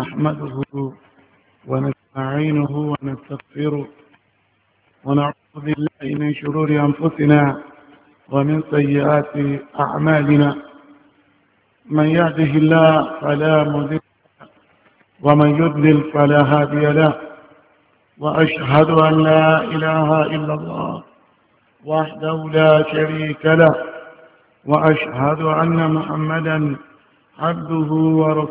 نحمده ونستعينه ونستغفره ونعوذ بالله من شرور أنفسنا ومن سيئات أعمالنا من يهده الله فلا مذل ومن يضلل فلا هادي له وأشهد أن لا إله إلا الله وحده لا شريك له وأشهد أن محمدا عبده ورسوله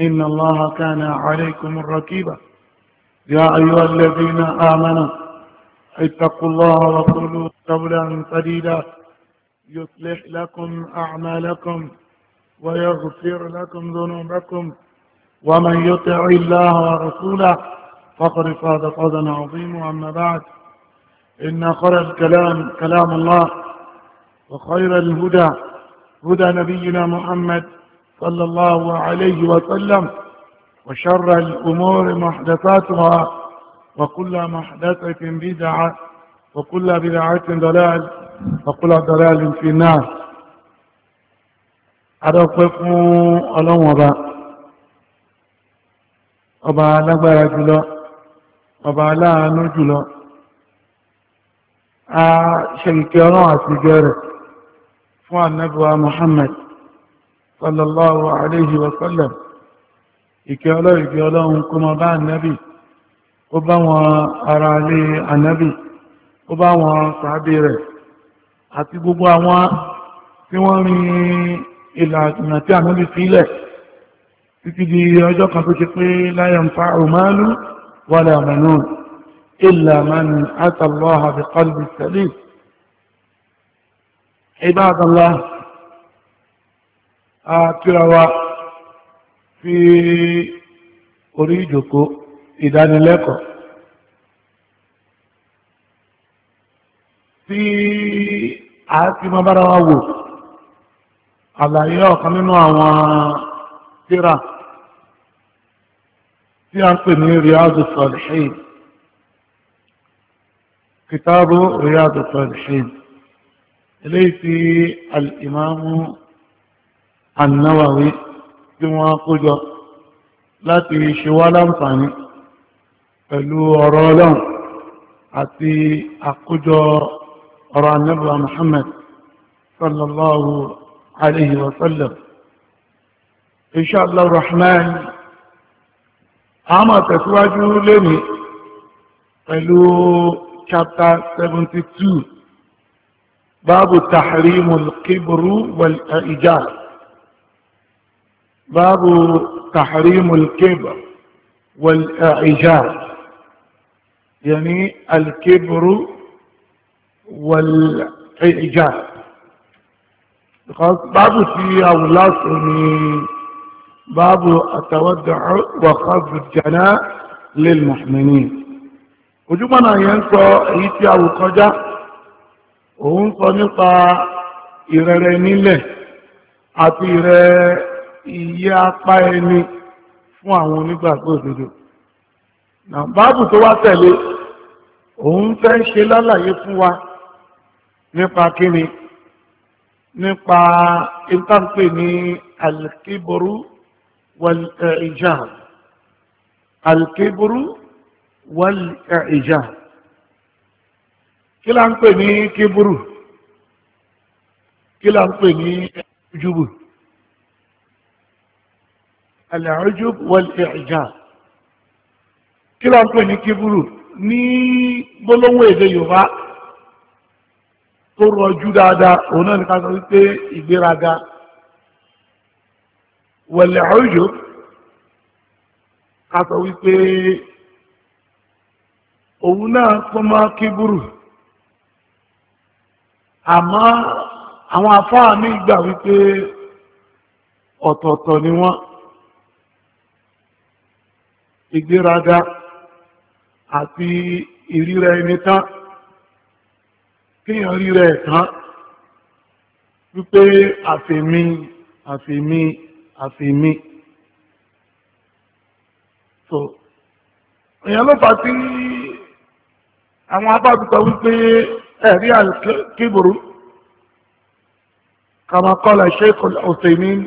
إن الله كان عليكم الركيبة يا أيها الذين آمنوا اتقوا الله وقولوا قولا سديدا يصلح لكم أعمالكم ويغفر لكم ذنوبكم ومن يطع الله ورسوله فقد فاز فوزا عظيما أما بعد إن خير الكلام كلام الله وخير الهدى هدى نبينا محمد صلى الله عليه وسلم وشر الأمور محدثاتها وكل محدثة بدعة وكل بدعة ضلال وكل ضلال في النار أرقف الأمر أبا لبر جلو أبا لا نجلو أشركنا أتجارة فوان نبوى محمد sallallahu alayhi wa sallam ìkẹ́ ọlọ́run ìkẹ́ ọlọ́run kó máa bá ànábì ó bá wọn ará ilé ànábì ó bá wọn sàábì rẹ̀ àti gbogbo àwọn tí wọ́n rin ìlànà tí ànábì sílẹ̀ títí di ọjọ́ kan tó ṣe pé la yanfa'u malu wala manun illa man ata Allaha bi qalbi salim ibadallah àtúrawa fi orí ìjòkó ìdánilẹ́kọ̀ọ́ tí a ti máa bára wa wò àlàyé ọ̀kan nínú àwọn tíra tí a ń pè ní Riyadu Salihin kitabu Riyadu Salihin eléyìí tí al-Imamu annáwàwí tí wọ́n kójọ láti ṣe wá láǹfààní pẹ̀lú ọ̀rọ̀ ọlọ́run àti àkójọ ọ̀rọ̀ annabawa Muhammad sallallahu alaihi wasallam inṣàlá rahman a máa tẹ̀síwájú lónìí pẹ̀lú chapter 72 báàbù tahrimul kibru wal باب تحريم الكبر والإعجاب يعني الكبر والإعجاب باب في أولاد يعني باب التودع وخفض الجناء للمحملين ojúmọ́nà yẹn ń sọ èyí tí a wò kọjá òun ìyá apá ẹni fún àwọn onígbàgbọ́ òdodo nà báàbù tó wá tẹ̀lé òun fẹ́ ṣe lálàyé fún wa nípa kíni nípa ìtànpè ní alkiboru wal kí la ń pè ní kíburu kí la ń pè ní ojúbù al-ujub wal-i'jab kí ló ń pè ní kíburu ní gbólóhùn èdè yorùbá tó rọjú dáadáa òun náà ní ká sọ wípé ìgbéraga wal-ujub ká sọ wípé òun náà pọ́n mọ́ kíburu àmọ́ àwọn afáà mi gbà wípé ọ̀tọ̀ọ̀tọ̀ ni wọ́n ìgbéraga àti ìríra ẹni tán kíyàn ríra ẹ̀ tán wípé àfèmí àfèmí àfèmí so èèyàn ló fà tí àwọn abájútọ wípé ẹ̀rí àkíbùrú kàmàkọ́lá Sheikh Al-Uthaymeen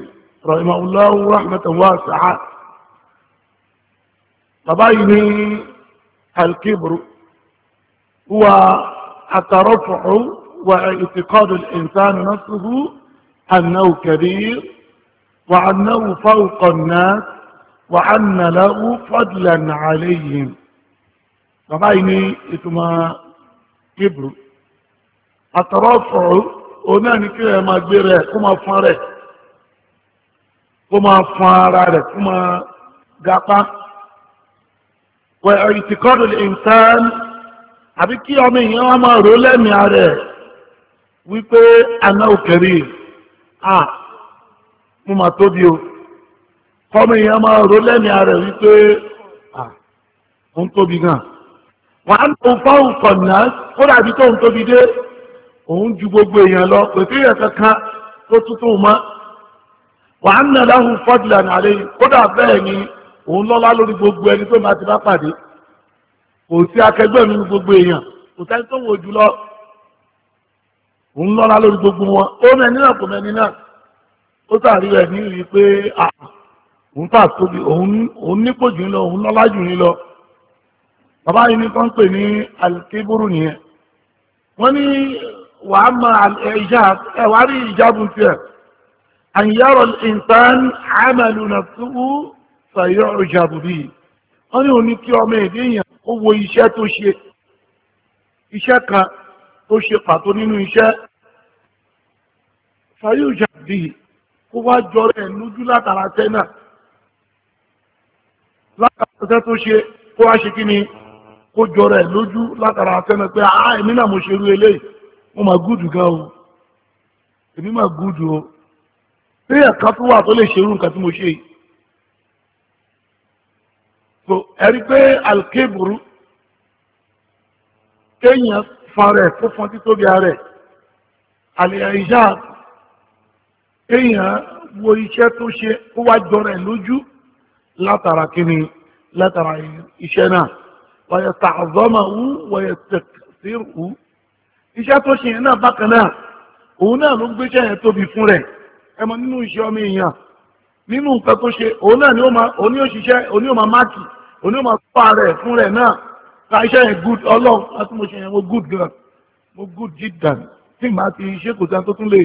rahimahullahu rahmatan wasi'a فباين الكبر هو الترفع واعتقاد الإنسان نفسه أنه كبير وأنه فوق الناس وأن له فضلا عليهم فباين إتما كبر الترفع ونحن نكيه ما جيره كما فاره كما فاره كما قطع wọ ìtìkọ́dù ìntán àbí kí ọmọ èèyàn wọn máa rò lẹ́mìí ààrẹ wípé aná òkèrè à mo mà tóbi o kọ́mọ èèyàn máa rò lẹ́mìí ààrẹ wípé à mo ń tóbi gan wà á lọ fáwọn kọ̀nà ó dàbí tó ń tóbi dé òun ju gbogbo èèyàn lọ kò sí kankan tó tuntun mọ́ wà á nà láhùn fọ́dùlà nàlẹ́ kódà bẹ́ẹ̀ ni òun lọ́lá lórí gbogbo ẹni tó máa ti bá pàdé kò sí akẹgbẹ́ mi ní gbogbo èèyàn kò sẹ́ni tó wò jùlọ òun lọ́lá lórí gbogbo wọn ó mẹ́ni náà kò mẹ́ni náà ó sàrí rẹ̀ ní rí pé òun tà tóbi òun nípò jù lọ òun lọ́lá jù ní lọ bàbá yìí ní kán pè ní alikébúrú nìyẹn wọ́n ní wàá mọ ìjà ẹ̀wárí ìjábùn tiẹ̀ àyẹ̀rọ̀ ìǹtán àmàlù nàfúù. fàyọ̀ ìjàbùbí wọ́n ní òní kí ọmọ èdè èèyàn ó wo iṣẹ́ tó ṣe iṣẹ́ kan tó ṣe pàtó nínú iṣẹ́ fàyọ̀ ìjàbùbí kó wá jọrọ ẹ̀ lójú látara tẹ́ látara tẹ́ tó ṣe kó wá ṣe kí ni kó jọrọ ẹ̀ lójú látara tẹ́ pé àá mo eléyìí mo máa gúdù gan o èmi máa gúdù o bí ẹ̀ka tó wà tó lè ṣerú so ẹ̀rí pé alkeburu kéèyàn fan rẹ̀ kó fọn títóbi ara rẹ̀ àlèyànjá kéèyàn wo iṣẹ́ tó ṣe kó wá jọra ẹ̀ lójú látara kíni látara iṣẹ́ náà wọ́yẹ̀ tààzọ́mà wú wọ́yẹ̀ tẹ̀síìrù wú iṣẹ́ tó ṣe yẹn náà bákan náà òun náà ló gbéṣẹ́ yẹn tóbi fún rẹ̀ ẹ mọ nínú iṣẹ́ ọmọ èèyàn nínú nǹkan tó ṣe òun náà ni ó máa òní òṣìṣẹ́ òní ó máa máàkì òní ó máa kó ara ẹ̀ fún rẹ̀ náà ká iṣẹ́ yẹn good ọlọ́run láti mo ṣe yẹn mo good gan mo good jiddan tí màá ti ṣe kò sáà tó tún lè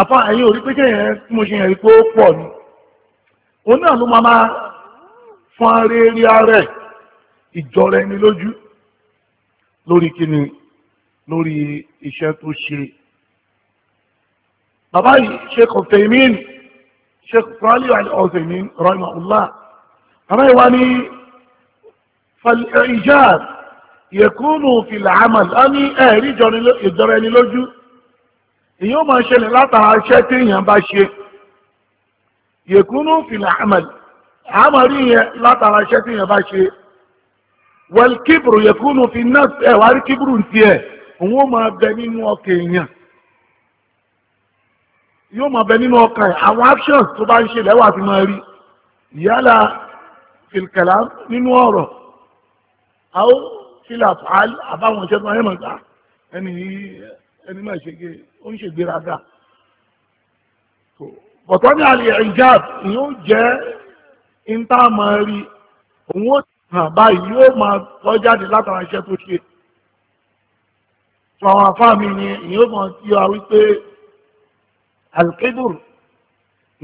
àfa ẹ̀yìn orí pé kéèyàn tí mo ṣe yẹn rí pé ó pọ̀ ni òun náà ló máa máa fún ara eré ara ẹ̀ ìjọra ẹni lójú lórí kíni lórí iṣẹ́ tó ṣe bàbá yìí ṣe kọ̀fẹ́ mí sheikh salih al-Uthaymin rahimahullah أما يواني فالإعجاب يكون في العمل أني أهلي جوني يدرني لوجو èyàn máa ṣẹlẹ̀ látara iṣẹ́ téèyàn bá ṣe yẹ̀kúnú fìlà àmàlì àmàlì yẹn látara iṣẹ́ téèyàn bá ṣe wẹ́l kíbrù yẹ̀kúnú fi náà ẹ̀wárí kíbrù ń tiẹ̀ òun ó máa bẹ nínú ọkàn èèyàn yóò máa bẹ nínú ọkàn ẹ̀ àwọn actions tó bá ń ṣe lẹ́wà fi máa rí yálà fìlkàlà nínú ọ̀rọ̀ àwọn fìlàfàálì àbáwọn iṣẹ́ tó máa yẹ máa gbà ẹni ẹni máa ṣe ó ń ṣègbéraga bọ̀tọ́ ní àlè ìjáàb ni ó jẹ́ ìta máa rí òun ó hàn báyìí yóò máa tọ́ jáde látara iṣẹ́ tó ṣe. Àwọn àfáà ni ìyóò máa ti wá wípé alkidur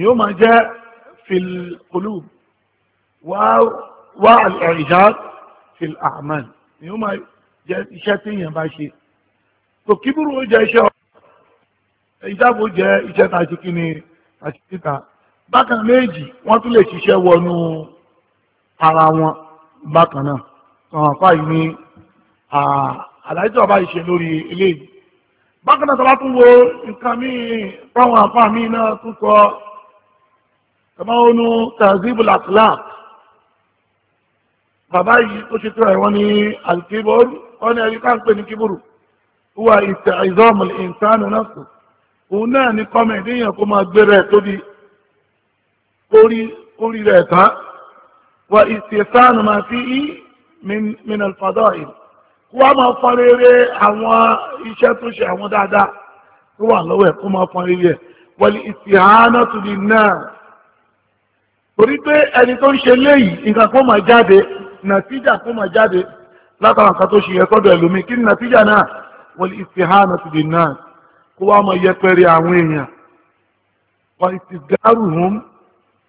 yóò máa jẹ́ filkulub wá alẹ́jà filaman yóò máa jẹ́ iṣẹ́ tí èèyàn bá ṣe tó kíburu ó jẹ́ iṣẹ́ ìjábò jẹ́ iṣẹ́ tá a ṣe kí ni àti títà bákan méjì wọ́n tún lè ṣiṣẹ́ wọnú ara wọn bákan náà àwọn àfáà yìí ní àlàyé tí wọ́n bá ṣe lórí eléyìí bákan náà tọ́lá tún wo nǹkan míì táwọn àfáà míì náà tún kọ kàmáwónú tazib al-akhlaq bàbá yìí tó ṣe tóra ìwọ́n ní al-kibr wọ́n ní ẹ̀rí káńpé ní kíbùrù wà i'tizam al-insan nafsu òun náà ní kọ́mẹ̀dé yẹn kó máa gbé rẹ̀ tóbi kórí rẹ̀ tán wà istihsan ma fihi min al-fada'il kó wá máa fọn rere àwọn iṣẹ́ tó ṣe àwọn dáadáa tó wà lọ́wọ́ ẹ̀ kó máa fọn rere ẹ̀ wọlé tó di náà torí pé ẹni tó ń ṣe léyìí nǹkan kó máa jáde nàtíjà kó máa jáde látara nǹkan tó ṣe yẹ sọ́dọ̀ ẹlòmíì kí ni nàtíjà náà wọlé ìsìhánà tó di náà kó wá máa yẹpẹrẹ àwọn èèyàn wọ́n ìsìgárù hùm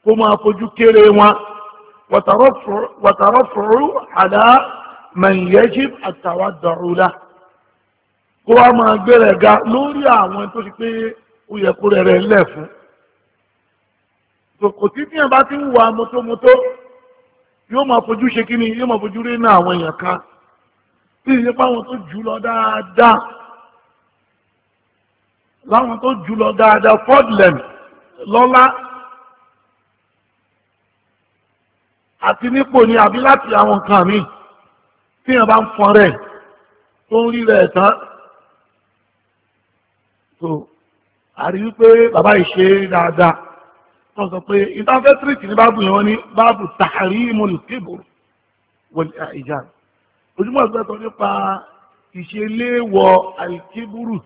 kó máa fojú kéré wọn àdá. man يجب at-tawaddu lahu kó wá máa gbẹ̀rẹ̀ ga lórí àwọn tó ṣe pé ó yẹ kó rẹ̀ rẹ̀ ńlẹ̀ fún kò tí tíyàn bá ti ń wà mọ́tòmọ́tò yóò máa fojú ṣe kíni yóò máa fojú rí ní àwọn èèyàn kan tí ìyẹn pa àwọn tó jù lọ dáadáa láwọn tó jù lọ dáadáa fọ́dìlẹ̀m lọ́lá àti nípò ni àbí láti àwọn kan míì tíyàn bá ń fọn rẹ̀ tó ń rí rẹ̀ tán tó àrí wípé bàbá ìṣe dáadáa tó sọ pé ìtafẹ́tìrìtì ní báàbù yẹn wọ́n ní báàbù tààrí mọ̀lùkébù wọlé àìjà ojúmọ̀ ìgbẹ́tọ̀ nípa ìṣeléwọ̀ àìkébùrù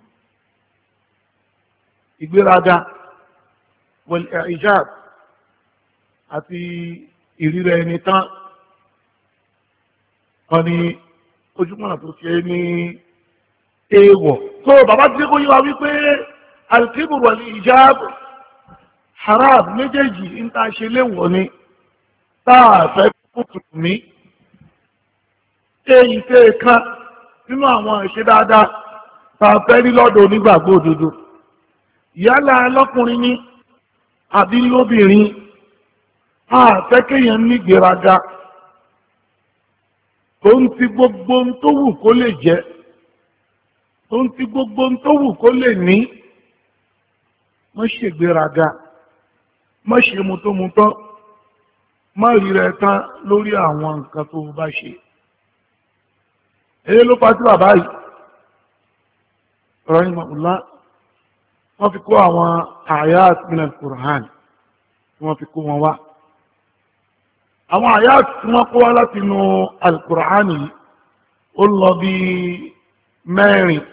ìgbéraga wọlé àìjà àti ìríra ẹni tán wọ́n ní ojúmọ̀nà tó ṣe ní èèwọ̀ tó bàbá tí kò yí wa wípé alkibur wal hijab haram méjèèjì ń ta ṣe léwọ̀ ni tá a fẹ́ kùtùkù mí èyí tẹ́ ẹ kan nínú àwọn ìṣe dáadáa tá a fẹ́ rí lọ́dọ̀ onígbàgbọ́ òdodo yálà lọ́kùnrin ní àbí lóbìnrin a fẹ́ kéèyàn ní gbéraga tó ń ti gbogbo ń tó wù kó lè jẹ tó ń ti gbogbo ń tó wù kó lè ní má ṣègbéraga má ṣe mutómutọ́ má rí rẹ tán lórí àwọn nǹkan tó bá ṣe èyí ló pa bàbá yìí rahimahullah wọ́n fi kó àwọn ayat min al-Qur'an wọ́n fi kó wọn wá àwọn àyà tí wọ́n kó wá láti inú alukur'ani ó lọ bí mẹ́rin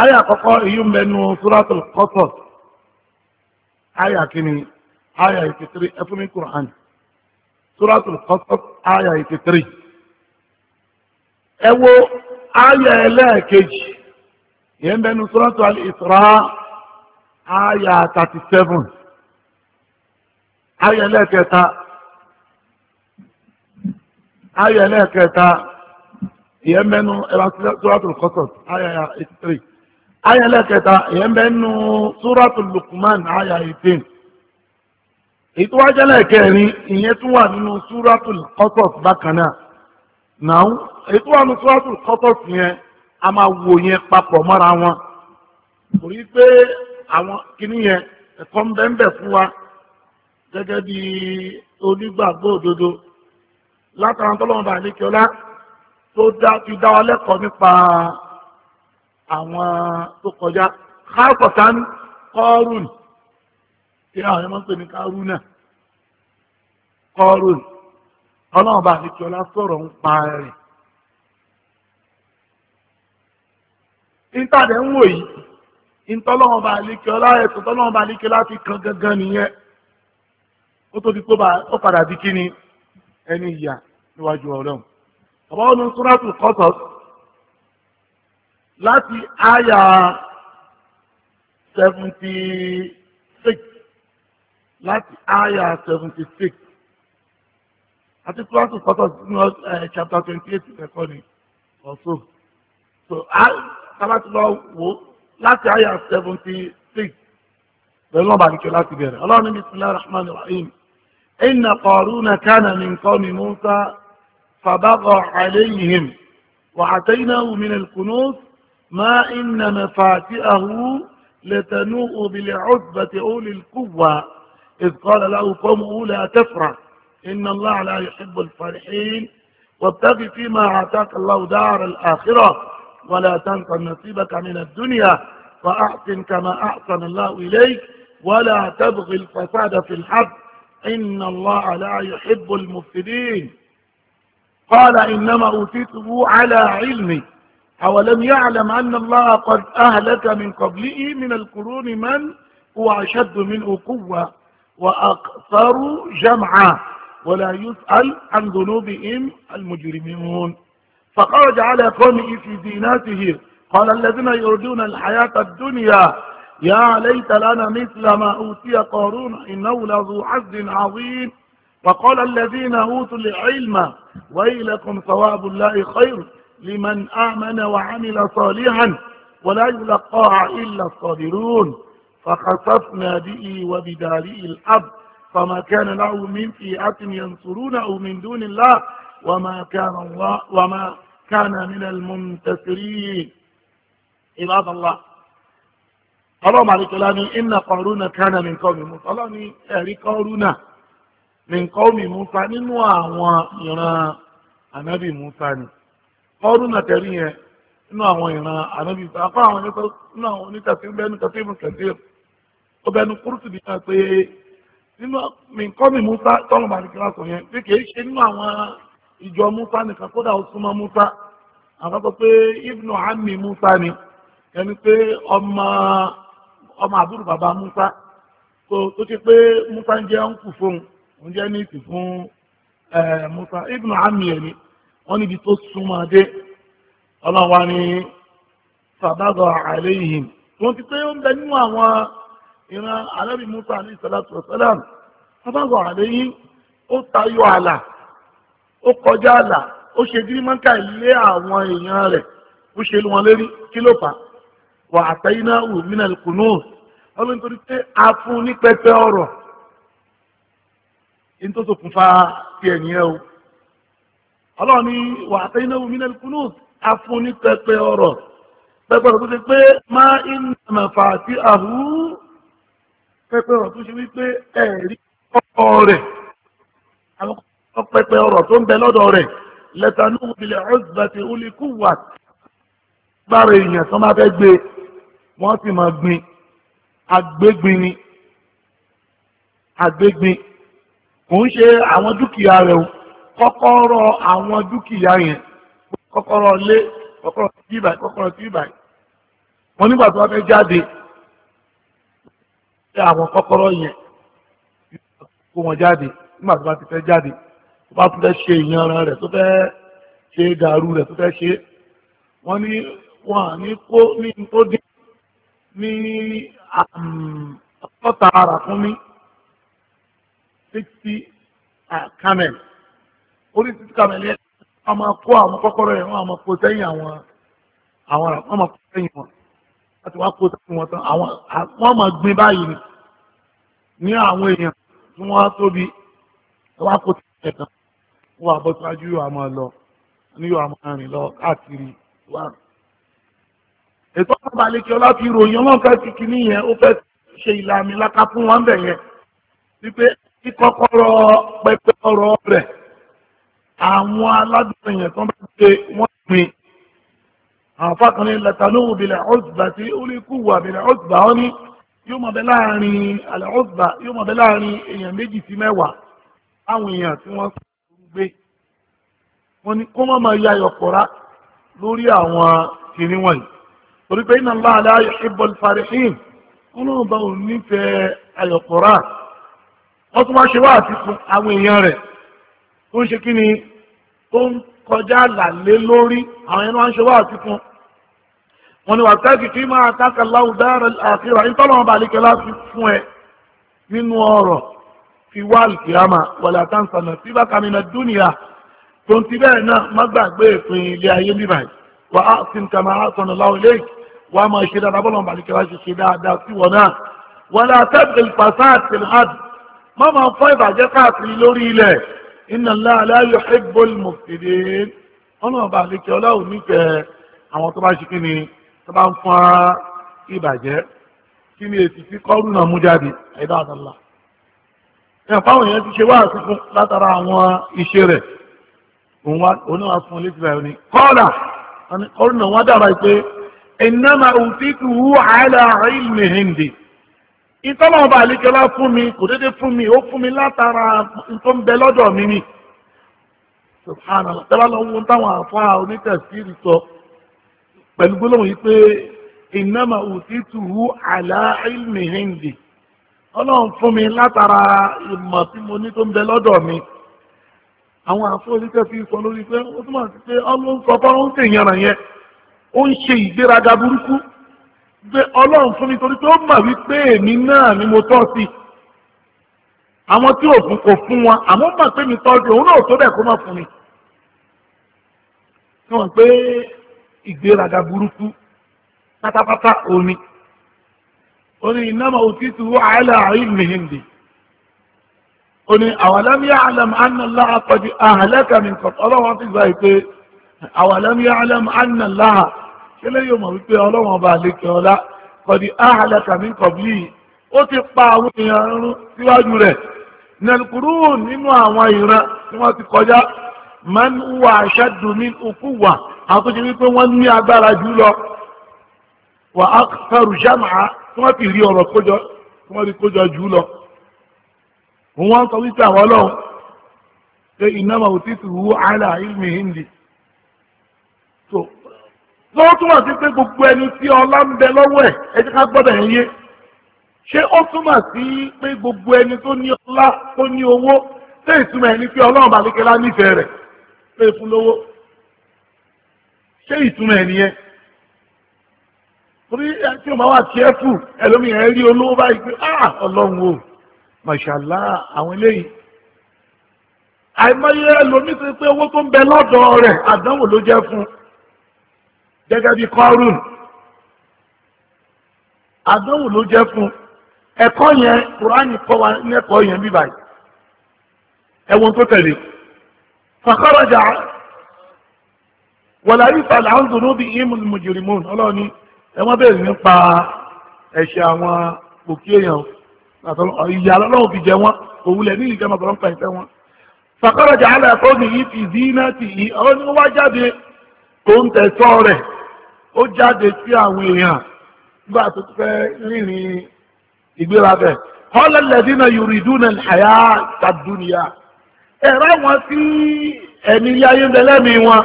àyà àkọ́kọ́ èyí ń bẹ nu suratul Qasas àyà kìíní àyà eighty three ẹ fún mi kur'ani suratul Qasas àyà eighty three ẹ wo àyà ẹlẹ́ẹ̀kejì èyí ń bẹ nu suratul Isra àyà thirty seven àyà ẹlẹ́ẹ̀kẹta. ayẹ lẹ́ẹ̀kẹta ìyẹn mẹ́nu ẹ̀rọ suratul Qasas ayẹ three ayẹ lẹ́ẹ̀kẹta ìyẹn mẹ́nu suratul Luqman ayẹ eighteen ìtúwájẹ́lẹ̀ kẹrin ìyẹn tún wà nínú suratul Qasas bákan náà náà yẹn a máa wò yẹn papọ̀ wọn látara tọ́lọ́wọ́n bá ní kíọ́lá tó fi dá wa lẹ́kọ̀ọ́ nípa àwọn tó kọjá káàkọ̀tán kọ́ọ̀rùn tí àwọn ẹmọ́ ń pè ní kárùn náà kọ́ọ̀rùn tọ́lọ́wọ́n bá ní kíọ́lá sọ̀rọ̀ ń pa rẹ̀. ìtàdé ń wò yìí ìtọ́lọ́wọ́n bá ní kíọ́lá ẹ̀sùn tọ́lọ́wọ́n bá ní kíọ́lá ti kan gangan nìyẹn ó tó di pé ó padà di kí ẹni ìyà níwájú ọlọ́run bàbá wọn ní sọ́ràtù Qasas láti àyà seventy six láti àyà seventy six àti sọ́ràtù Qasas ní chapter twenty eight ẹ̀kọ́ ni ọ̀ṣọ́ so tábàtì lọ wò láti àyà seventy six pẹ̀lú ọ̀bàdìkẹ́ láti bẹ̀rẹ̀ ọlọ́run ní bismillahir rahmanir rahim. إن قارون كان من قوم موسى فبغى عليهم واتيناه من الكنوز ما إن مفاتئه لتنوء بالعزبة أولي القوة إذ قال له قومه لا تفرح إن الله لا يحب الفرحين وابتغ فيما آتاك الله دار الآخرة ولا تنس نصيبك من الدنيا فأحسن كما أحسن الله إليك ولا تبغي الفساد في الحرب إن الله لا يحب المفسدين قال إنما أوتيته على علمي أولم يعلم أن الله قد أهلك من قبله من القرون من هو أشد منه قوة وأكثر جمعا ولا يسأل عن ذنوبهم المجرمون فخرج على قومه في ديناته قال الذين يريدون الحياة الدنيا يا ليت لنا مثل ما أوتي قارون إنه لذو حظ عظيم وقال الذين أوتوا العلم ويلكم ثواب الله خير لمن آمن وعمل صالحا ولا يلقاها إلا الصابرون فخسفنا به وبداره الأرض فما كان له من فئة ينصرونه من دون الله وما كان الله وما كان من المنتصرين عباد الله ọlọ́run àríkẹ́lá ní iná kọrúnà kánà ní nǹkan mi Musa ọlọ́run ní ẹ̀rí kọrúnà ní nǹkan mi Musa nínú àwọn ìran ànábì Musa ni kọrúnà tẹ̀rí yẹn nínú àwọn ìran ànábì Musa apá àwọn nínú àwọn onítàsí bẹ́nu kẹsí mu kẹsí ó bẹ́nu kúrúsì bí ká pé nínú nǹkan mi Musa tọ́lọ́run àríkẹ́lá sọ yẹn pé kì í ṣe nínú àwọn ìjọ Musa nìkan kódà ó ẹni pé ọmọ ọmọ àbúrò bàbá Musa tó ti pé Musa ń jẹ́ ọ̀nkù fún òun jẹ́ ní ìtì fún Musa ibùdó àmì ẹ̀ ni wọ́n níbi tó súnmọ́ dé ọlọ́wà ni sàbàgọ̀ àlẹ́yìn wọ́n ti pé ó ń bẹ nínú àwọn ìran alẹ́bí Musa ní ìsàlátù ọ̀sálàm sàbàgọ̀ àlẹ́yìn ó tayọ àlà ó kọjá àlà ó ṣe dírímọ́kà ilé àwọn èèyàn rẹ̀ ó ṣe lù wọn lérí kí ló fà á wà àtẹ́yìnà òmìnà ìkùnú ọlọ́run torí pé a fún ní pẹpẹ ọ̀rọ̀ ní tó ṣokùnfà ti ẹ̀yìn ẹ o ọlọ́run ní wà àtẹ́yìnà òmìnà ìkùnú a fún ní pẹpẹ ọ̀rọ̀ pẹpẹ ọ̀rọ̀ tó ṣe pé má iná mẹ́fà àti àhú pẹpẹ ọ̀rọ̀ tó ṣe wípé ẹ̀rí ọ̀rọ̀ rẹ̀ àwọn pẹpẹ ọ̀rọ̀ tó ń bẹ lọ́dọ̀ rẹ̀ lẹ́tà ní òbílẹ̀ ọ̀sùn lè kú wọ́n sì máa gbin agbégbin ni agbégbin kò ń ṣe àwọn dúkìá rẹ̀ o kọ́kọ́rọ́ àwọn dúkìá yẹn kọ́kọ́rọ́ lé kọ́kọ́rọ́ tí ìbàyí kọ́kọ́rọ́ tí ìbàyí wọ́n nígbà tó wá fẹ́ jáde ṣe àwọn kọ́kọ́rọ́ yẹn kó wọn jáde nígbà tó bá ti fẹ́ jáde tó bá tún fẹ́ ṣe ìyanran rẹ̀ tó fẹ́ ṣe dàrú rẹ̀ tó fẹ́ ṣe wọ́n ní wọ́n ní kó ní tó dín ní um, ọ̀tọ̀ta ara fún mi sixty uh, camel orí sixty camel yẹn wọ́n máa kó àwọn kọ́kọ́rọ́ yẹn wọ́n máa kó sẹ́yìn àwọn àwọn wọ́n máa kó sẹ́yìn wọn láti wá kó sẹ́yìn wọn tán àwọn wọ́n máa gbin báyìí ni ní àwọn èèyàn tí wọ́n tóbi wọ́n kó sẹ́yìn yẹn tán wọ́n àbọ̀sájú yóò máa lọ ní yóò máa rìn lọ káàkiri wọ́n ètò ọ̀pọ̀lọpọ̀ àlekè ọlá fi ròyìn ọlọ́run fẹ́ fi kìíní yẹn ó fẹ́ ṣe ìlànà ìlàkà fún wọn bẹ̀ yẹn wípé kí kọ́kọ́rọ́ pẹpẹ ọ̀rọ̀ rẹ̀ àwọn aládùn yẹn tó ń bá gbé wọ́n gbin àwọn fákànlẹ̀ lẹ́tàlóhùn bìlẹ̀ ọ̀sùbà tí ó lè kú wà bìlẹ̀ ọ̀sùbà ó ní yóò mọ̀ bẹ́ láàrin àlẹ́ ọ̀sùbà yóò mọ̀ bẹ́ láàrin èèyàn méjì sí mẹ́wàá àwọn èèyàn tí wọ́n gbé wọ́n ní kó má máa ya yọ̀pọ̀ra lórí àwọn kìnìún wọ̀nyí torí pé iná ńlá àlá yuhibbul farihin ọlọ́run bá òun nífẹ̀ẹ́ ayọ̀kọ̀rá wọ́n tún wá ṣe wá àti fún àwọn èèyàn rẹ̀ tó ń ṣe kí ni tó ń kọjá làlé lórí àwọn ẹni wá ń ṣe wá àti fún wọn ni wà tẹ́kì kí máa tákà láwùdá àfihàn ìtọ́lọ́wọ́n bá lékẹ́ láti fún ẹ nínú ọ̀rọ̀ fi wá àlùkìyàmà wàlẹ̀ àtàǹsànà tí bá kàmínà dúnìyà tó ń ti bẹ́ẹ̀ náà má gbàgbé ìpín ilé ayé níbàyí wà á sì kàmá àtọ̀nà láwùlé yìí wọ́n á máa ṣe dáadáa bọ́lọ̀ màlìkẹ́lá ṣe ṣe dáadáa sí wọn náà wọ́n lè àtẹ́bẹ̀ ìfàsáàt tìlhàd má máa fọ́ ìbàjẹ́ káàkiri lórí ilẹ̀ iná láàláyò ẹgbọ́n mọ̀fìdé ọlọ́run màlìkẹ́ ọlọ́run nífẹ̀ẹ́ àwọn tó bá ṣe kíni tó bá ń fọ́n ìbàjẹ́ kí ni èsì tí kọ́rù náà mú jáde ẹ̀dá àdàlà ẹ̀fáwọn èèyàn ti ṣe wá àtúntún látara àwọn iṣẹ́ rẹ̀ òun wá oníwà fún létí rẹ̀ ni kọ́ọ̀dà kọ́rù náà wá dára pé ìnáma òtítù wú àìlà ìlú hindi ìtọ́lọ̀ ọba àlékẹ́lá fún mi kò dédé fún mi ó fún mi látara tó ń bẹ lọ́dọ̀ mi ni subhanallah tẹ́lá lọ wọ́n táwọn àfa onítẹ̀síìrì sọ pẹ̀lú gbólóhùn yìí pé ìnáma òtítù wú àìlà ìlú hindi ọlọ́run fún mi látara ìmọ̀ tí mo ní tó ń bẹ lọ́dọ̀ mi àwọn àfọ onítẹ̀síìrì sọ lórí pé ó túmọ̀ sí pé ọlọ́run sọ fọ́nrán ń sèyànràn yẹn ó ń ṣe ìgbéraga burúkú pé ọlọ́run fún mi torí pé ó mà wípé èmi náà ni mo tọ́ sí àwọn tí òfin kò fún wọn àmọ́ mà pé mi tọ́jú òun náà tó bẹ̀ kó má fún mi. wọ́n pé ìgbéraga burúkú pátápátá omi ó iná máa ò títí wọ́n àìlà àìlì mìíràn ó àwọn alámíyá àlàm àná láàpọ̀jù àhàlẹ́kà mi kọ̀ ọlọ́run ti gbà pé awalam ya'lam anna Allaha kílẹ̀ yóò mọ̀ wípé ọlọ́wọ́n ọba àlékè ọlá kọ̀dí ahlaka min qabli ó ti pa àwọn èèyàn rún síwájú rẹ̀ nàìkúrú nínú àwọn ìran tí wọ́n ti kọjá man huwa ashaddu min quwwa àwọn tó ṣe wípé wọ́n ní agbára jù lọ wà aktharu jam'a tí wọ́n ti rí ọ̀rọ̀ kójọ tí wọ́n ti kójọ jù lọ wọ́n sọ wípé àwọn ọlọ́run pé innama utituhu ala ilmi indi lọ́wọ́ túmọ̀ sí pé gbogbo ẹni tí ọlá ń bẹ lọ́wọ́ ẹ̀ ẹ jẹ́ ká gbọ́dọ̀ ẹ̀ yé ṣé ó túmọ̀ sí pé gbogbo ẹni tó ní ọlá tó ní owó ṣé ìtumọ̀ ẹni pé ọlọ́run bàlíkẹ́lá nífẹ̀ẹ́ rẹ̀ pé fún lówó ṣé ìtumọ̀ ẹni yẹn torí tí o máa wà tiẹ́fù ẹlòmíràn rí olówó báyìí pé ah ọlọ́run o màṣàlá àwọn eléyìí àìmọye ẹlòmíràn ti pé owó tó ń bẹ lọ́dọ̀ rẹ̀ àdánwò ló jẹ́ fún un. gẹ́gẹ́ bí kọ́rùn àdánwò ló jẹ́ fún ẹ̀kọ́ yẹn kùránì kọ́ wa ní ẹ̀kọ́ yẹn bí báyìí ẹ̀wọ̀n tó tẹ̀lé fàkọ́rọ̀jà wọ̀lá ìfà làǹdùnú bí ìmùn mùjìrìmùn ọlọ́ọ̀ni ẹ̀wọ̀n bẹ̀rẹ̀ nípa ẹ̀ṣẹ̀ àwọn òkè èèyàn ìyá ọlọ́run fi jẹ wọn òwúlẹ̀ ní ìjọba pa ìfẹ́ wọn fàkọ́rọ̀jà alẹ́ ó jáde sí àwọn èèyàn nígbà tó fẹ́ rìnrìn ìgbéraga ọlọ́lẹ́dí náà yuriduna àyà tàdúnìyà ẹ̀rọ wọn sí ẹ̀mí ilé ayé ń bẹ lẹ́mìí wọn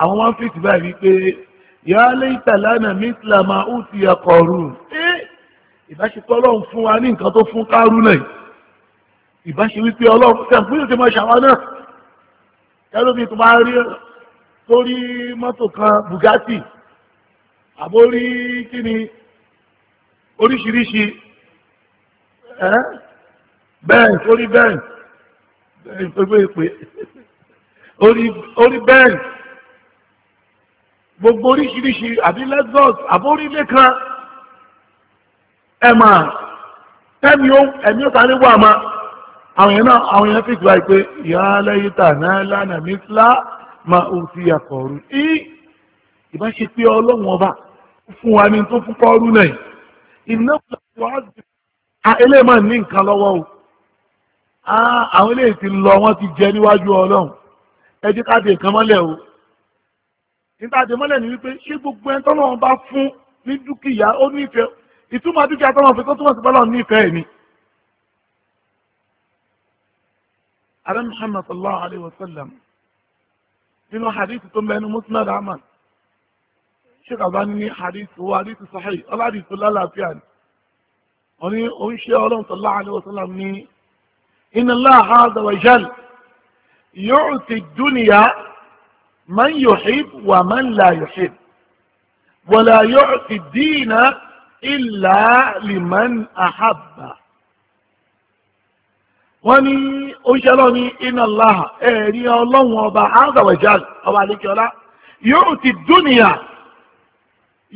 àwọn wọn fìtì báyìí wípé yàrá ìtàlánà mísìlámà ó ti ẹ̀kọ́ rù ìbáṣepọ̀ ọlọ́run fún wa ní nǹkan tó fún kárú náà ìbáṣe wípé ọlọ́run fún ẹ̀kọ́ yóò ti máa ṣàwọn náà kẹ́lómi tó máa rí torí mọ́tò kan Bugatti àbórí kíni oríṣiríṣi bẹ́ẹ̀ orí bẹ́ẹ̀ gbogbo ìpè orí bẹ́ẹ̀ gbogbo oríṣiríṣi àbí Lagos àbórí lẹ́kan ẹ̀mà tẹ́mi ó ẹ̀mí ó sáré wà máa àwọn èèyàn náà àwọn èèyàn fìgbà ìpè ìhà lẹ́yìn tà náà lánàá mi sílá máa ń fi àkọ̀rù ní ìbá ṣe pé ọlọ́run ọba fún wa ní tó fún kọ́ọ́rù náà iná pẹ̀lú àgbẹ̀ eléyìí máa ní nǹkan lọ́wọ́ o àwọn eléyìí ti lọ wọ́n ti jẹ níwájú ọlọ́run ẹ jẹ́ ká dé nǹkan mọ́lẹ̀ o nígbà dé mọ́lẹ̀ ni wípé ṣé gbogbo ẹni tọ́lọ́run bá fún ní dúkìá ó nífẹ̀ẹ́ ìtumọ̀ dúkìá tọ́lọ́run fi tó túmọ̀ sí bọ́lọ́run nífẹ̀ẹ́ ni. Adam Muhammad sallallahu alayhi wa sallam nínú hadith tó mẹ́nu musnad ahmad sheikh albani ní hadith wa hadith sahih ọládìí tó lálàáfíà ni wọ́n ní oníṣẹ́ ọlọ́run sallallahu alaihi wasallam ní inna Allah azza wa jal yu'ti ad-dunya man yuhib wa man la yuhib wa la yu'ti ad illa liman ahabba wọ́n ní oúnjẹ lọ ní iná láhà ẹ̀rí ọlọ́run ọba azawajal ọba adékẹ́ọ́lá yóò ti dúnìyà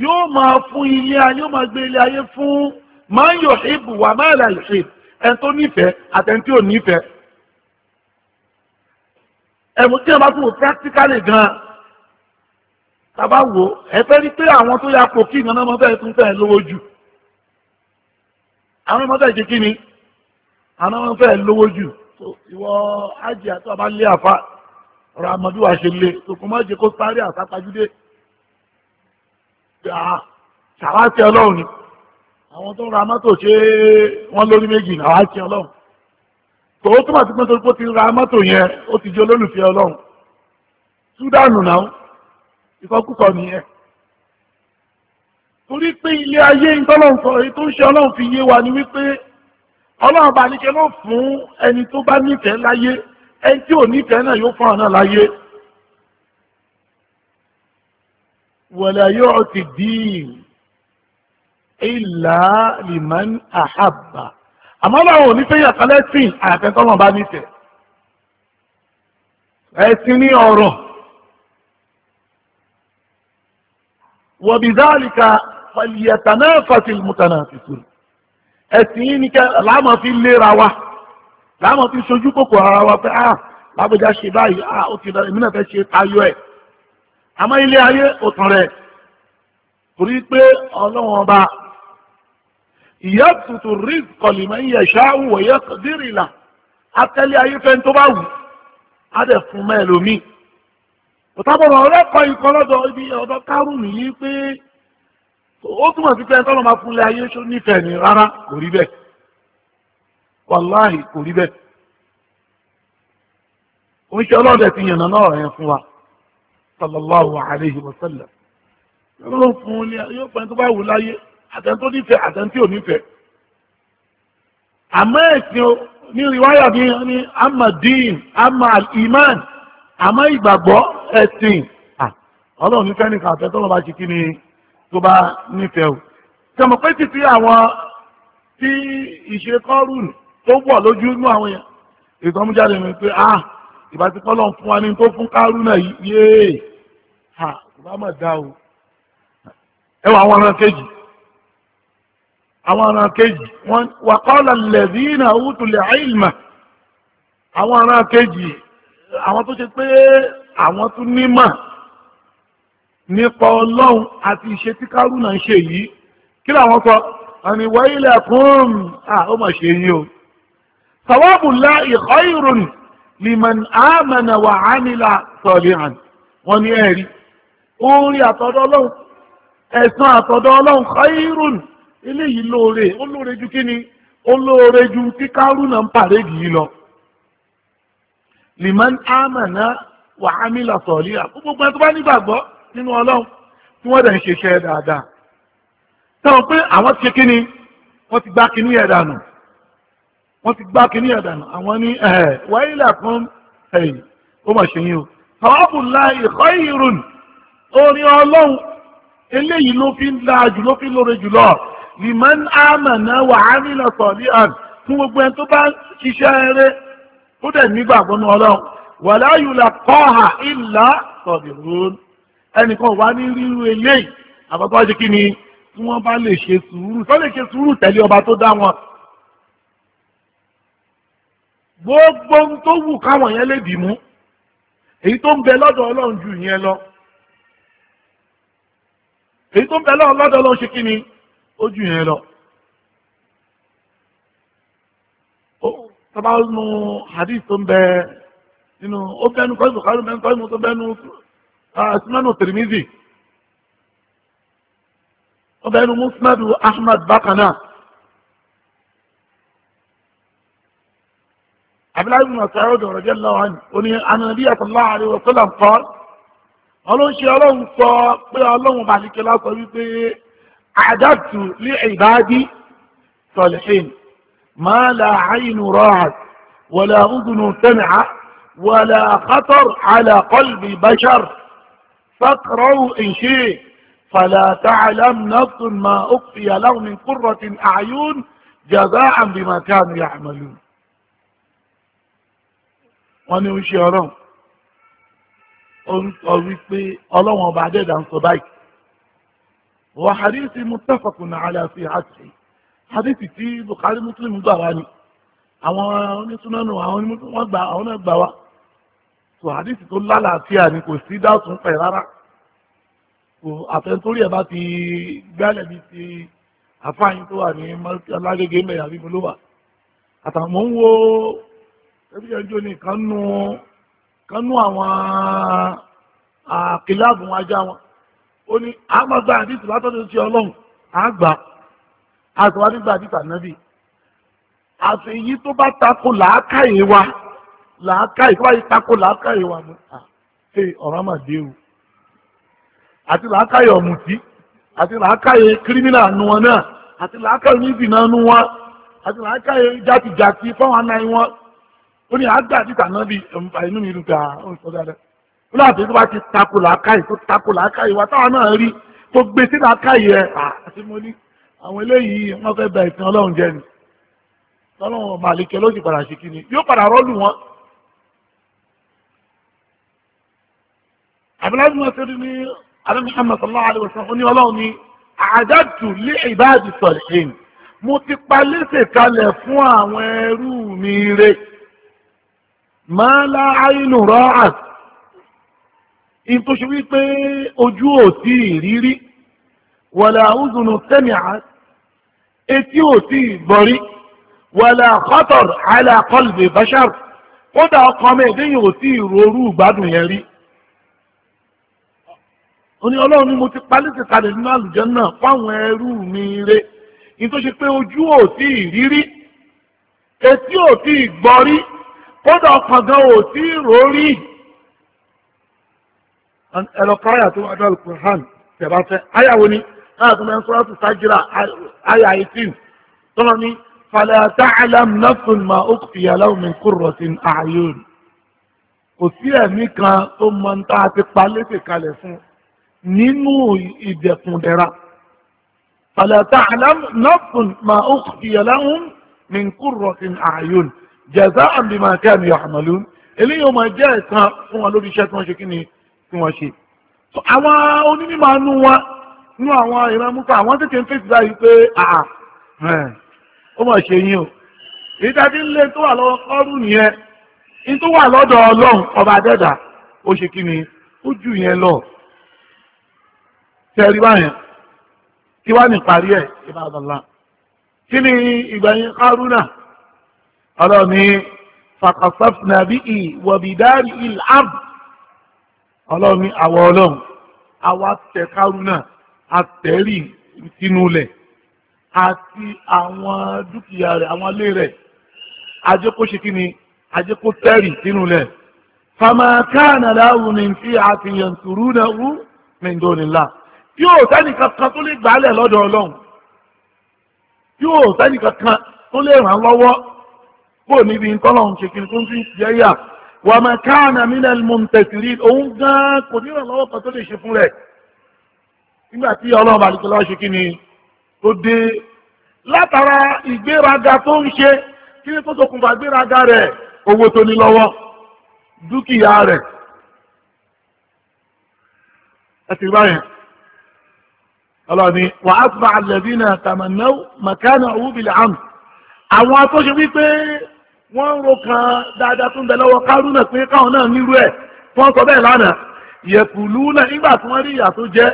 yóò máa fún ilé ayé yóò máa gbé ilé ayé fún máa ń yọ̀ ṣíbù wà máa là ẹni tó nífẹ̀ẹ́ àtẹni ò nífẹ̀ẹ́ ẹ̀mú tí wọ́n bá tún wò practically gan-an tàbá wò ẹ fẹ́ rí pé àwọn tó yà kò kí ìnáná mọ́tò ẹ̀ tún fẹ́ lówó jù àwọn mọ́tò ẹ̀ ṣe kí ni àná wọn fẹ́ lówó jù ìwọ ájì àti ọba lé àfa ọ̀rọ̀ àmọ́bí wa ṣe lé tòkùn má jẹ kó sáré àsápajúdé ṣàwátì ọlọ́run ni àwọn tó ń ra mọ́tò ṣe wọ́n lórí méjì ṣàwátì ọlọ́run tòun túmọ̀ sí pé torí pé ó ti ra mọ́tò yẹn ó ti di olólùfẹ́ ọlọ́run súdánù náà ìfọkúsọ nìyẹn torí pé ilé ayé ìtọ́lọ́ǹsọ èyí tó ń ṣe ọlọ́run fi yé wa ni wípé ọlọ́run bá ní kí ló fún ẹni tó bá nífẹ̀ẹ́ láyé ẹni tí ò nífẹ̀ẹ́ náà yóò fún ọ̀nà láyé wọ̀lẹ̀ yóò ti dín ìlà lìmọ́n àhàbà àmọ́ ọlọ́run ò ní yàtọ̀ lẹ́sìn àfẹ́tọ́lọ́run bá nífẹ̀ẹ́ ẹ̀sìn ní ọ̀rọ̀ wọ̀bìdálìkà fàlìyàtànáfàtì mùtànàfìsùn ẹ̀sìn yìí ni kẹ́ láàmọ̀ fi léra wa láàmọ̀ fi sojú kòkò ara wa pé ah lágbèjá ṣe báyìí ah ó ti dára èmi náà fẹ́ ṣe tayọ ẹ̀ àmọ́ ilé ayé òtàn rẹ̀ torí pé ọlọ́wọ́n ọba ìyá tutù rí kọlìmọ̀ yẹ ṣááwù wọ̀yẹ kọ̀dírìlà atẹ́lẹ̀ ayé fẹ́ tó bá wù á dẹ̀ fún mẹ́ẹ̀lómi òtàbọ̀rọ̀ ọlọ́kọ̀ ikọ̀ lọ́dọ̀ ibi ọ̀dọ̀ kárùn-ún yìí pé ó túmọ̀ sí pé ẹ̀ńtọ́nà máa fúnlẹ̀ ayé ṣó nífẹ̀ẹ́ ni rárá kò rí bẹ́ẹ̀ wàláhì kò rí bẹ́ẹ̀ ó ń ṣe ọlọ́dẹ ti yànnà náà fún wa sallallahu alayhi wa sallam yóò fún ní yóò fún tó bá wù láyé tó nífẹ̀ẹ́ tí ò nífẹ̀ẹ́ ama dín ama àmọ́ ìgbàgbọ́ ẹ̀sìn ọlọ́run nífẹ̀ẹ́ nìkan tó bá nífẹ̀ẹ́ o tẹmọ̀ pé títí àwọn tí ìṣekọ́rù tó wọ̀ lójú inú àwọn yẹn ìtọ́mújáde ni pé ah ìbá ti pọ́lọ̀ fún wa ní tó fún kárù náà yéé ha ìbá mọ̀ dá o ẹ wọ àwọn ọ̀ràn kejì àwọn ọ̀ràn kejì wọn wà qala alladhina utul ilma àwọn ọ̀ràn kejì àwọn tó ṣe pé àwọn tún nímọ̀ nípa ọlọ́run àti ìṣe tí kárúnà ń ṣe yìí kí làwọn sọ àníwọ̀ ilẹ̀ kún à ó mà ṣe yìí o sàwọ́bù lá ìkọ́ ìrùn lìmọ̀n àmàna wà ánìlà sọ̀lìhàn wọn ni ẹ̀rí orí àtọ̀dọ̀ ọlọ́run ẹ̀sán àtọ̀dọ̀ ọlọ́run kọ́ ìrùn eléyìí lóore ó lóore ju kí ni ó lóore ju tí kárúnà ń pàrẹ́ yìí lọ lìmọ̀n àmàna wà ánìlà sọ̀lìhàn gbogbo ẹ̀ tó bá nígbàgbọ́ nínú ọlọ́run tí wọ́n dẹ̀ ń ṣiṣẹ́ dáadáa táwọn pé àwọn ti ṣe kí ni wọ́n ti gbá kíní ẹ̀ dànù wọ́n ti gbá kíní ẹ̀ dànù àwọn ní ẹ̀ wáyé làkún ẹ̀yìn ó mà ṣe yín o tọ́wọ́bù ìkọ́ ìrùn orin ọlọ́run eléyìí ló fi ń da jù ló fi lóore jùlọ lìmọ́n àmàna wà á nílò sọ̀lí àn fún gbogbo ẹni tó bá ṣiṣẹ́ eré ó dẹ̀ nígbàgbọ́nú ọlọ́run wàláyùlà kọ́ha ìlà sọ̀bìrún ẹnìkan wà ní ríru eléyìí àbọ̀tọ́ ṣe kí ni tí wọ́n bá lè ṣe sùúrù tó lè ṣe sùúrù tẹ̀lé ọba tó dá wọn. gbogbo ohun tó wù káwọn yẹn lè dìmú èyí tó ń bẹ lọ́dọ̀ ọlọ́run ju ìyẹn lọ èyí tó ń bẹ lọ́dọ̀ ọlọ́run ṣe kí ni ó ju ìyẹn lọ. tọ́ba nu hadith tó ń bẹ nínú ó bẹnu kọ́sùn kọ́sùn bẹnu kọ́sùn tó bẹnu عثمان آه، والترمذي وبين مسند واحمد بقنا عبد العزيز بن مسعود رضي الله عنه عن النبي صلى الله عليه وسلم قال قالوا ان شاء الله صار يا الله بعد كلا صبيبي اعددت لعبادي صالحين ما لا عين راعت ولا اذن سمعت ولا خطر على قلب بشر فاقرأوا إن شئت فلا تعلم نفس ما أخفي له من قرة أعين جزاء بما كانوا يعملون wọ́n ní oṣù ọ̀rọ̀ orúkọ wípé ọlọ́wọ́n ọba adẹ́dà ń sọ báyìí wọ́n hadithi muttafaqun ala sihhatihi hadithi tí Bukhari Muslim gbà wá ni àwọn onísúnmọ́nù àwọn onímọ̀tò wọ́n gbà wá so hadith tó lálàáfíà ni kò sí dáàtún pẹ̀ rárá so àfẹntórí ẹ̀ bá ti gbálẹ̀ bíi ti àfáàyín tó wà ní alágége mẹ́rin àbí mo ló wà àtàwọn mò ń wo ẹbí ẹjọ́ ní kánú kánú àwọn àkìláàbùn ajá wọn ó ní àmọ́gbà hadith látọ́jú ti ọlọ́run àgbà àtọ̀wá nígbà hadith ànábì àti èyí tó bá takò làákàyè wa làákàyè tó bá yí tako làákàyè wà mú à ah, ṣe ọ̀rọ̀ mà dé o àti làákàyè ọ̀mùtí àti làákàyè kírímìnà nu wọn náà àti làákàyè nídìínà nu wọn àti làákàyè jàtìjàtì fáwọn anáyé wọn ó ní àgbà àti tànàbí ẹ̀mùfà inú mi dùn gàá ah, ó ń sọ dáadáa ó láti tó bá ti tako làákàyè tó tako làákàyè wa táwọn náà rí tó gbé sí làákàyè ẹ̀ ah, àti mo ní àwọn eléyìí wọ́n fẹ́ bẹ ìtàn ọlọ́run jẹ́ ni ọlọ́run màlìkẹ́ ló sì padà sí kí ni yóò padà rọ́ọ̀lù wọn àbíláàbí wọn sẹ́rí ní alámùhàmà sallallahu alaihi wasallam oní ọlọ́run ní àdájù lé ìbáàdì sọ̀rìn mo ti palẹ́sẹ̀ kalẹ̀ fún àwọn ẹrú mi rẹ̀ máa lá àìnù rọ́ọ̀t in tó ṣe wípé ojú ò tí ì rírí wàlà àwùzùnù sẹ́mìà etí ò tí ì gbọ́rí wàlà kọ́tọ̀r àlà qalbi kódà ọkọ mi ò tí ì rorú yẹn rí ó ní ọlọ́run ni mo ti palẹ́sẹ̀ kalẹ̀ nínú àlùjánnà fáwọn ẹrú mi re ní tó ṣe pé ojú ò tí ì rírí etí ò tí ì gbọ́ rí kódà ọkàn gan ò tí ì rò rí ẹ̀rọ káyà tó wájú alukur'an tẹ̀bá fẹ́ ayáwo ni náà tó máa ń sọ́ra tó sájìrà ayá eighteen tọ́lọ́ ní fala ta'lam nafsun ma ukhfiya lahum min qurratin a'yun kò sí ẹ̀mí kan tó mọ ní tá a ti kalẹ̀ fún nínú ìdẹ̀kùndẹ̀ra fala ta'lam nafsun ma ukhfiya lahum min qurratin a'yun jaza'an bima kanu ya'malun eléyìí ó máa jẹ́ ẹ̀san fún wọn lórí iṣẹ́ tí wọ́n ṣe kí ni tí wọ́n ṣe. àwọn onímọ̀ anú wa nú àwọn ìran mú ká àwọn tètè ń fèsì báyìí pé àà ó mà ṣe yín o ìdájí ńlẹ̀ tó wà lọ́wọ́ kọ́rù nìyẹn ní tó wà lọ́dọ̀ ọlọ́run ọba adẹ́dà ó ṣe kí ni ó jù yẹn lọ tẹ́rí báyẹn kí wá ní parí ẹ̀ ìbádọ́lá kí ni ìgbẹ̀yìn kárúnà ọlọ́ni fàkàsọ́fìnà bí i wọ̀bìdárì ìlàb ọlọ́ni àwọ̀ ọlọ́run àwa tẹ kárúnà àtẹ̀rí sínú ilẹ̀ àti àwọn dúkìá rẹ̀ àwọn ilé rẹ̀ ajẹ́kó ṣe kí ni ajẹ́kó tẹ̀rí sínú ilẹ̀ fàmàkánà láwùmí fi àtìyàn sùrù náà wú mẹ́ńdọ́nìlá yóò sẹ́ni kankan tó lè gbálẹ̀ lọ́dọ̀ ọlọ́run yóò sẹ́ni kankan tó lè ràn lọ́wọ́ kó níbi ntọ́lọ́run ṣe kí n tó ń fi jẹ́ yà wà máa káànà mí lẹ́nu mọ̀ tẹ̀sírí òun gan kò ní ìrànlọ́wọ́ kan tó lè ṣe fún rẹ̀ nígbà tí ọlọ́run bá nìkan ṣe kí ni tó dé látara ìgbéraga tó ń ṣe kí ni tó ṣokùnfà ìgbéraga rẹ̀ owó tó ní lọ́wọ́ dúkìá rẹ̀ ẹ ti báyẹn ọlọ́ni wà á fà àlẹ́bínà tàmánà màkánà òwú bìlẹ̀ àmì àwọn atọ́ṣe wípé wọ́n ń ro kan dáadáa tó ń bẹ lọ́wọ́ kárúnà pé káwọn náà nírú ẹ̀ wọ́n sọ bẹ́ẹ̀ lánàá yẹ̀kùlú náà nígbà tí wọ́n rí ìyà tó jẹ́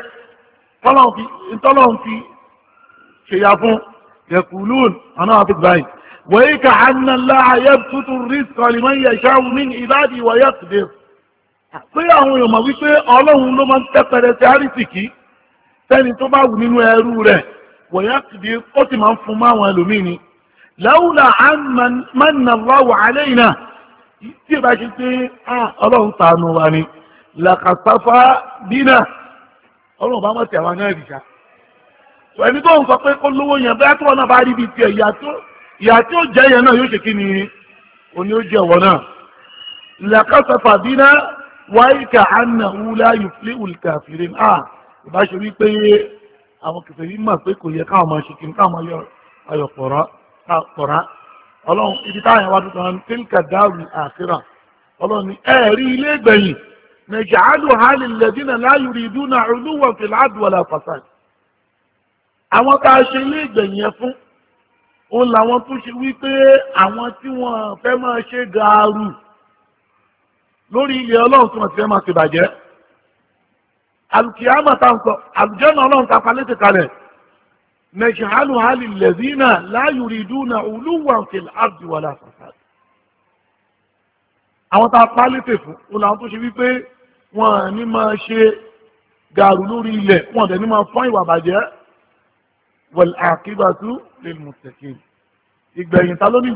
tọ́lọ́hún fi ṣèyà fún yẹ̀kùlú àná àti báyìí wọ́n kà á nà láàyè tuntun rí sọ̀rìmọ́ yẹ̀ṣáwù ní ìbádìí wọ́yẹ̀ tìdé pé àwọn èèyàn mọ̀ wípé ọlọ́run ló máa ń tẹ́pẹrẹ sí àrísìkí fẹ́ni tó bá wù nínú ẹrú rẹ̀ wọ̀nyá kìdí ó sì máa ń fún máwọn ẹlòmíì ni lẹ́wùlà mánàláwà aléìnà tí ìbá ṣe pé ah, ọlọ́run tànù wa ni làkàtàfà dínà ọlọ́run bá mọ̀ sí àwọn náà rìṣà ẹni tó ń sọ pé kó lówó yẹn bẹ́ẹ̀ tó wọn náà bá rí bíi tiẹ̀ ìyá tí ó jẹ́ yẹn náà yóò ṣe kí ni òní ó jẹ́ ọ̀wọ́ náà làkàtàfà dínà wáyé kà á nà wúlá yìí ìbáṣe wípé àwọn kẹfẹ́ yìí mọ̀ pé kò yẹ káwọn máa ṣe kí n káwọn máa yọ ayọ̀ pọ̀rá ọlọ́run ibi táwọn ìwà tuntun ní tilka dáàrú àkírà ọlọ́run ní ẹ̀ẹ́rí ilé ìgbẹ̀yìn mẹ̀jẹ̀ àlù hàlì lẹ́dínà láàyò rí ìdúnà olúwọ̀ fìlà àdùwọ̀lá pàtàkì àwọn tá a ṣe ilé ìgbẹ̀yìn yẹn fún òun làwọn tó ṣe wípé àwọn tí wọ́n fẹ́ máa ṣe gàárù lórí ilẹ̀ ọlọ́run tí wọ́n ti fẹ́ máa ti bàjẹ́ alùkìyàmà tá ń sọ àlùjọ́nà ọlọ́run ta palétè kalẹ̀ nàìjíríàlù hali lẹ́dínà láàyò rìdúnà olúwa fìlà àbíwálà fàṣàd. àwọn tá a palétè fún ó làwọn tó ṣe wípé wọn ní máa ṣe gàrú lórí ilẹ̀ wọn dẹ̀ ní máa fọ́n ìwà bàjẹ́ wal aqibatu lil muttaqin ìgbẹ̀yìn ta ló ní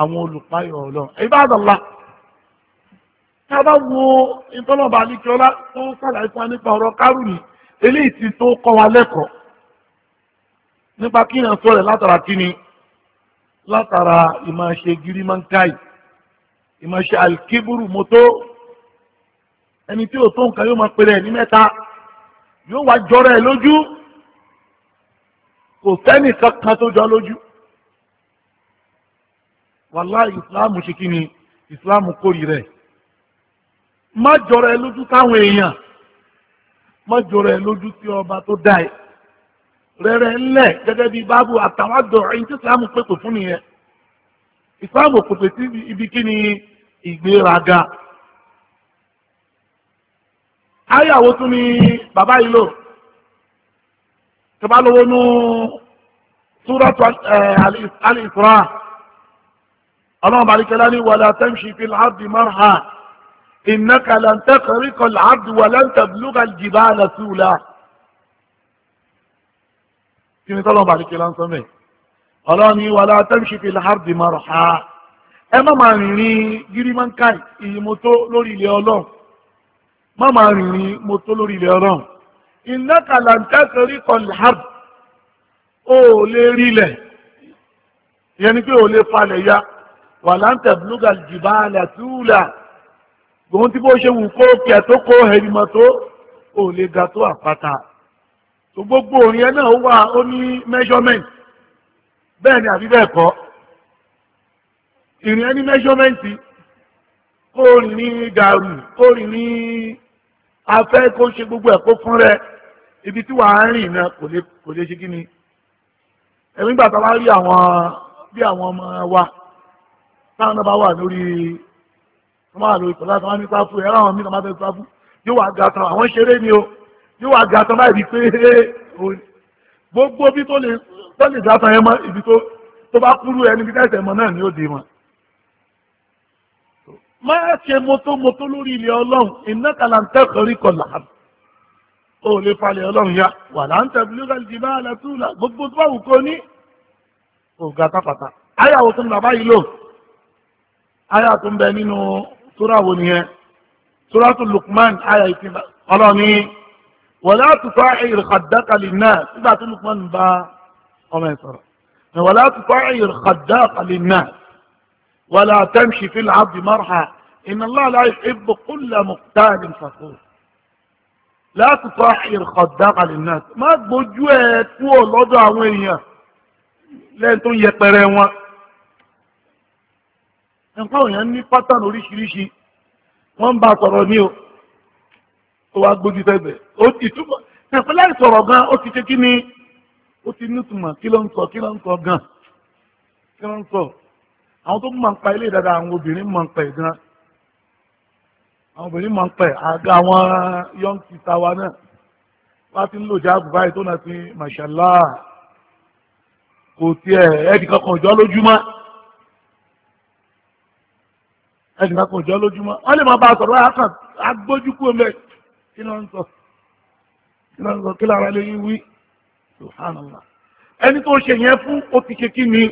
àwọn olùpáyọ̀ ọlọ́run ibadallah tí a bá wo ìtọ́lọ̀bà alíkẹ́ọ́lá tó sàlàyé fún nípa ọ̀rọ̀ kárùnì eléyìí tí tó kọ́ wa lẹ́kọ̀ọ́ nípa kí èèyàn sọ rẹ̀ látara kíni látara ìmáṣe girimankai ìmáṣe alkébùrù mọ́tò ẹni tí ò tó nǹkan yóò máa pèrè ní mẹ́ta yóò wá jọrọ ẹ lójú kò sẹ́nì kankan tó jọ lójú wàláhì ìsìláàmù ṣe kí ni ìsìláàmù kórìí rẹ̀ má jọrọ ẹ lójú táwọn èèyàn má jọrọ ẹ lójú tí ọba tó dá ẹ rẹ̀rẹ̀ ńlẹ̀ gẹ́gẹ́ bí báàbù àtàwọn àdọ̀ ẹ̀yìn tí islam pèpè fún nìyẹn islam pèpè sí ibi kí ni ìgbéraga. ayàwó tún ni bàbá yìí lò tẹ́bá lówó nú súrọ́tù al-Isra ọlọ́run bàríkẹ́lá ní wàlá tamshi fil ardi marha innaka lan takhriqa al-'abd wa lan tablugha al-jibala sula kí ni tọ́lọ́mù àdìkẹ́ lásán mẹ́ ọlọ́ni wala tamshi fil ardi marha ẹ má máa rìnrìn gírímọ́ǹkà ìyìmọ́tò lórí ilẹ̀ ọlọ́run má máa rìnrìn mọ́tò lórí ilẹ̀ ọlọ́run innaka lan takhriqa al-ard ó lè rílẹ̀ yẹn ni pé ó lè falẹ̀ ya wa lan tablugha al-jibala tula gbogbo tí bó ṣe wù kó kẹ tó kó ẹnìmọ̀ tó ò lè ga tó àpáta tó gbogbo òrìn ẹ náà ó wà ó ní measurement bẹ́ẹ̀ ni àbí bẹ́ẹ̀ kọ́ ìrìn ẹ ní measurement kó rìn ní gàrú kó rìn ní afẹ́ kó ṣe gbogbo ẹ̀ kó fún rẹ ibi tí wàá rìn náà kò lè kò ṣe kí ẹ̀mí gbàtà wá rí àwọn bí àwọn ọmọ wa táwọn náà bá wà lórí wọ́n máa lo ìtọ̀ láti wọ́n ní sáfù ẹ̀rọ àwọn mí lọ́mọdé sáfù yóò wá ga tán àwọn ṣeré ni o yóò wá ga tán láì rí pé gbogbo bí tó lè tó lè ga tán yẹn mọ́ ibi tó tó bá kúrú ẹni bí tẹ̀sẹ̀ mọ́ náà ni ó dé mọ́. má ṣe mọ́tòmọ́tò lórí ilẹ̀ ọlọ́run iná kàlà ń tẹ́kọ̀rí kọlà ó lè falẹ̀ ọlọ́run yá wà láń tẹ̀bílú ayàwó tó ń bàbá yìí lò ayà tó ń bẹ nínú سورة ونية سورة اللقمان آية كما قالوني ولا تصاعر خدك للناس سورة اللقمان با وما يصرى ولا تصاعر خدك للناس ولا تمشي في العرض مرحى إن الله لا يحب كل مقتال فخور لا تصاعر خدك للناس ما تقول تبجوات والله دعوية لأنتم يقرون nǹkan òyìn ní pátánù oríṣiríṣi wọ́n ń bá sọ̀rọ̀ ní o ó wá gbójú sẹ́gbẹ̀ ó ti túbọ̀ ẹ̀fọ́ láì sọ̀rọ̀ gan ó ti ṣe kí ni ó ti nítumọ̀ kí ló ń sọ kí ló ń sọ gan kí ló ń sọ àwọn tó máa ń pa ilé dáadáa àwọn obìnrin máa ń pa ẹ̀ gan àwọn obìnrin máa ń pa ẹ̀ àga àwọn young sister wa náà wá ti ń lò jáàbù báyìí tó náà ti mashallah kò tiẹ̀ ẹ̀ẹ́dì kankan ìjọ lójúmọ́ ẹnì kan kò jọ lójúmọ́ wọ́n lè máa bá a sọ̀rọ̀ àkàn agbójúkú ọmọ ẹ̀ kí ló ń sọ kí ló ń sọ kí lára lè wí subhanallah ẹni tó ṣe yẹn fún ó ti ṣe kí ni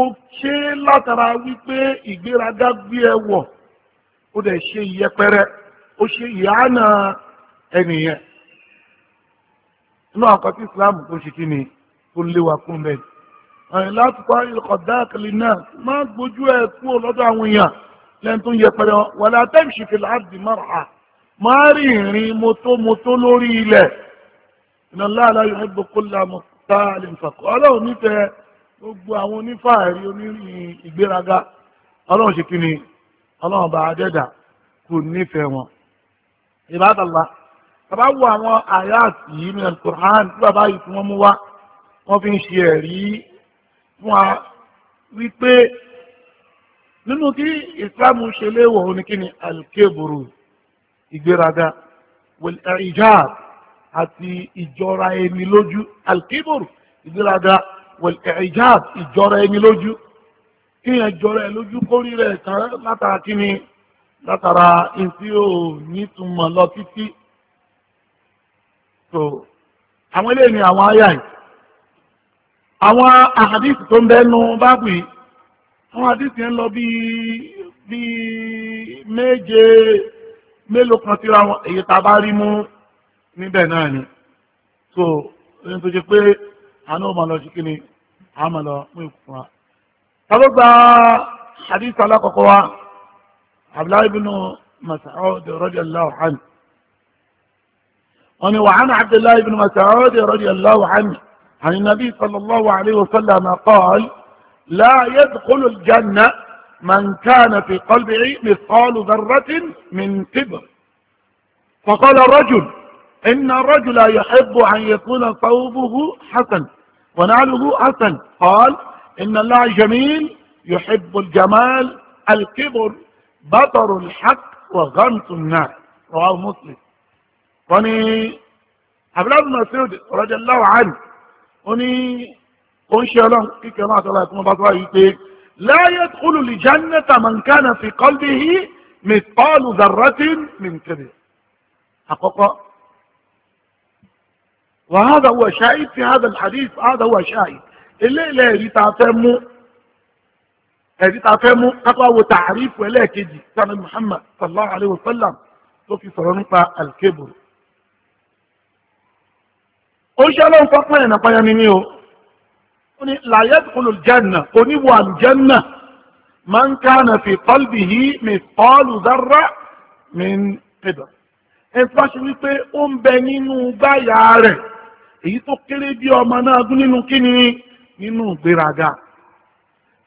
ó ṣe látara wípé ìgbéraga gbé ẹ wọ̀ ó dẹ̀ ṣe ìyẹpẹrẹ ó ṣe ìyáàna ẹnìyẹn inú àkọsí Islam tó ṣe kí ni tó léwa kún bẹ́ẹ̀ àyìnlá tó parí ìkọ̀dá àkàlì náà má gbójú ẹ̀ kú lọ́dọ̀ àwọn èèyàn lẹ́nu tó ń yẹ pẹ̀lẹ́ wọn wà látẹ́mì ṣìkì láàdì márùn-ún má rí ìrìn mọ́tòmọ́tò lórí ilẹ̀ iná láàlá yóò gbó kó lámọ̀ tá a lè fàkọ́ ọlọ́run nífẹ̀ẹ́ gbogbo àwọn onífàárí onírìn ìgbéraga ọlọ́run ṣe kí ni ọlọ́run bá adẹ́dà kò nífẹ̀ẹ́ wọn ìbádàlá bàbá wo àwọn àyà àti yìí ní alukur'an tí bàbá yìí tí wọ́n mú wá wọ́n fi ń ṣe ẹ̀rí fún wa wípé nínú kí ìsìlámù ṣe léwọ̀ òní kí ni alkeburu ìgbéraga ìjáàb àti ìjọra ẹni lójú alkeburu ìgbéraga ìjáàb ìjọra ẹni lójú kí yẹn jọra ẹ lójú kórí rẹ̀ tán látara kí ni látara ìtí ò nítumọ̀ lọ títí. àwọn eléyìí ni àwọn àyà àwọn àhàdìsì tó ń bẹ́nu báàbù yìí àwọn àhàdìsì ń lọ bí bí méje mélòó kan síra wọn èyí tá bá rí mú níbẹ̀ náà ni so ẹni tó ṣe pé àánú ọmọ lọ sí kí ni àmọ́ lọ mú ìkú fún wa. ta ló gba àhàdìsì alákọ̀ọ́kọ́ wa abdullahi bin mas'ud radiyallahu anhu. wọ́n ni wàhánà abdullahi bin mas'ud radiyallahu anhu. عن النبي صلى الله عليه وسلم قال لا يدخل الجنة من كان في قلبه مثقال ذرة من كبر فقال الرجل إن الرجل يحب أن يكون ثوبه حسن ونعله حسن قال إن الله جميل يحب الجمال الكبر بطر الحق وغمس النار رواه مسلم وني عبد الله بن مسعود رضي الله عنه ó ní ó ń ṣe ọlọ́run kíkẹ́ ọlọ́run àtọ́lá ẹ̀kọ́ bá tó wáyé pé la yadkhulu al-jannata man kana fi qalbihi mithqalu dharratin min kibr àkọ́kọ́ وهذا هو شاهد في هذا الحديث هذا هو شاهد eléyìí ẹ̀rí tá a fẹ́ mú ẹ̀rí tá a fẹ́ mú kápá wo tààrífù ẹlẹ́ẹ̀kejì sani Muhammad sallallahu alayhi wa sallam tó fi sọ̀rọ̀ nípa alkebùrù oṣù ọlọ́run tó pẹ́yìn náà pẹ́yìn mímí o ó ní làyẹ́tì kò lò jẹ́nà kò ní wà jẹ́nà máa ń ká nà fi pọ́lbì yìí mi pọ́ọ̀lù dára mi ń pèdà ẹ tó bá ṣe wípé ó ń bẹ nínú gbáyà rẹ̀ èyí tó kéré bí ọmọ náà dún nínú kíni nínú ìgbéraga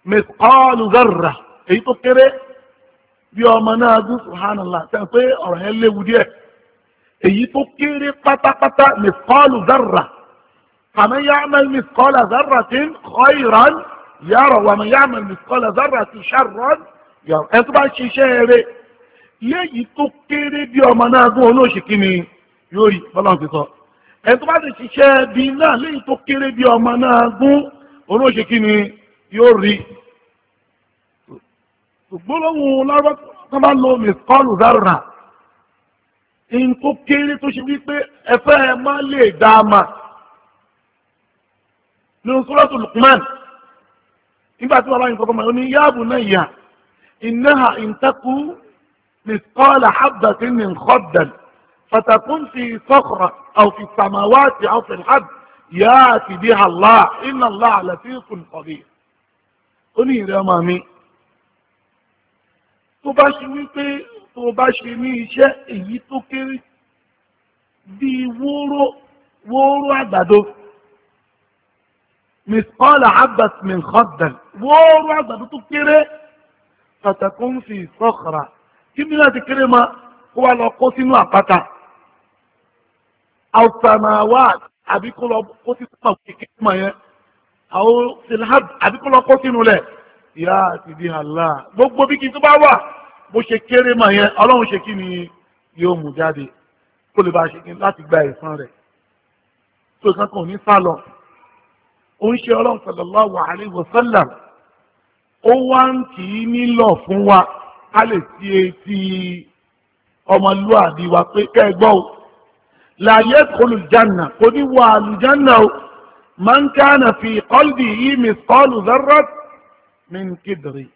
mi pọ́ọ̀lù dára èyí tó kéré bí ọmọ náà dún subhanallah tẹ̀ pé ọ̀rọ̀ yẹn léwu díẹ̀ èyí tó kéré pátápátá mìkọ́lù zarra àmọ́ yá àmà mìkọ́lù zarra tí ń kọ́ ìran yàrá wàmà yá àmà mìkọ́lù zarra tí ṣàrọ̀ yàrá ẹ tó bá ń ṣiṣẹ́ rẹ̀ léyìí tó kéré bí ọmọ náà gún olóòṣì kí ni yóò rí bọ́lá ti sọ ẹ tó bá ti ṣiṣẹ́ bí náà léyìí tó kéré bí ọmọ náà gún olóòṣì kí ni yóò rí gbólóhùn lọ́rọ́ tó bá lo mìkọ́lù zarra in tó kéré tó ṣe wípé ẹfẹ́ ẹ má lè dá a mà nínú sọ́rọ́tò Luqman nígbà tí wọ́n bá yin kọ́kọ́ mọ̀ ní ya bunayya innaha in taku mithqala habbatin min khardal fatakun fi sakhra aw fi samawati aw fi al-ard ya'ti biha Allah inna Allaha latifun khabir ó ní ìrẹ́ ọmọ mi tó bá ṣe wípé tó bá ṣe ní iṣẹ́ èyí tó kéré bí wóró wóró àgbàdo misqala abat min khardal wóró àgbàdo tó kéré fatakun fi sakhra kí ni láti kéré ma kó wá lọ kó sínú àpáta alfamawaat àbí kó lọ kó sí sọ́mà kékeré mọ̀ yẹn àwọn silhab àbí kó sínú lẹ̀ yá àti bí àlá gbogbo bí kí n tó bá wà bó ṣe kéré mà yẹn ọlọ́run ṣe kí ni yóò mú jáde kó lè bá ṣe kí láti gba ẹ̀san rẹ̀ tó kan kò ní sá lọ ó ń ṣe ọlọ́run sallallahu alaihi wasallam ó wá ń kì í nílọ̀ fún wa ká lè ti etí ọmọlúwàbí wa pé kẹ́ o láyé kọlùjánà kò ní wà àlùjánà o man kana fi qalbihi mithqalu dharrat min kidri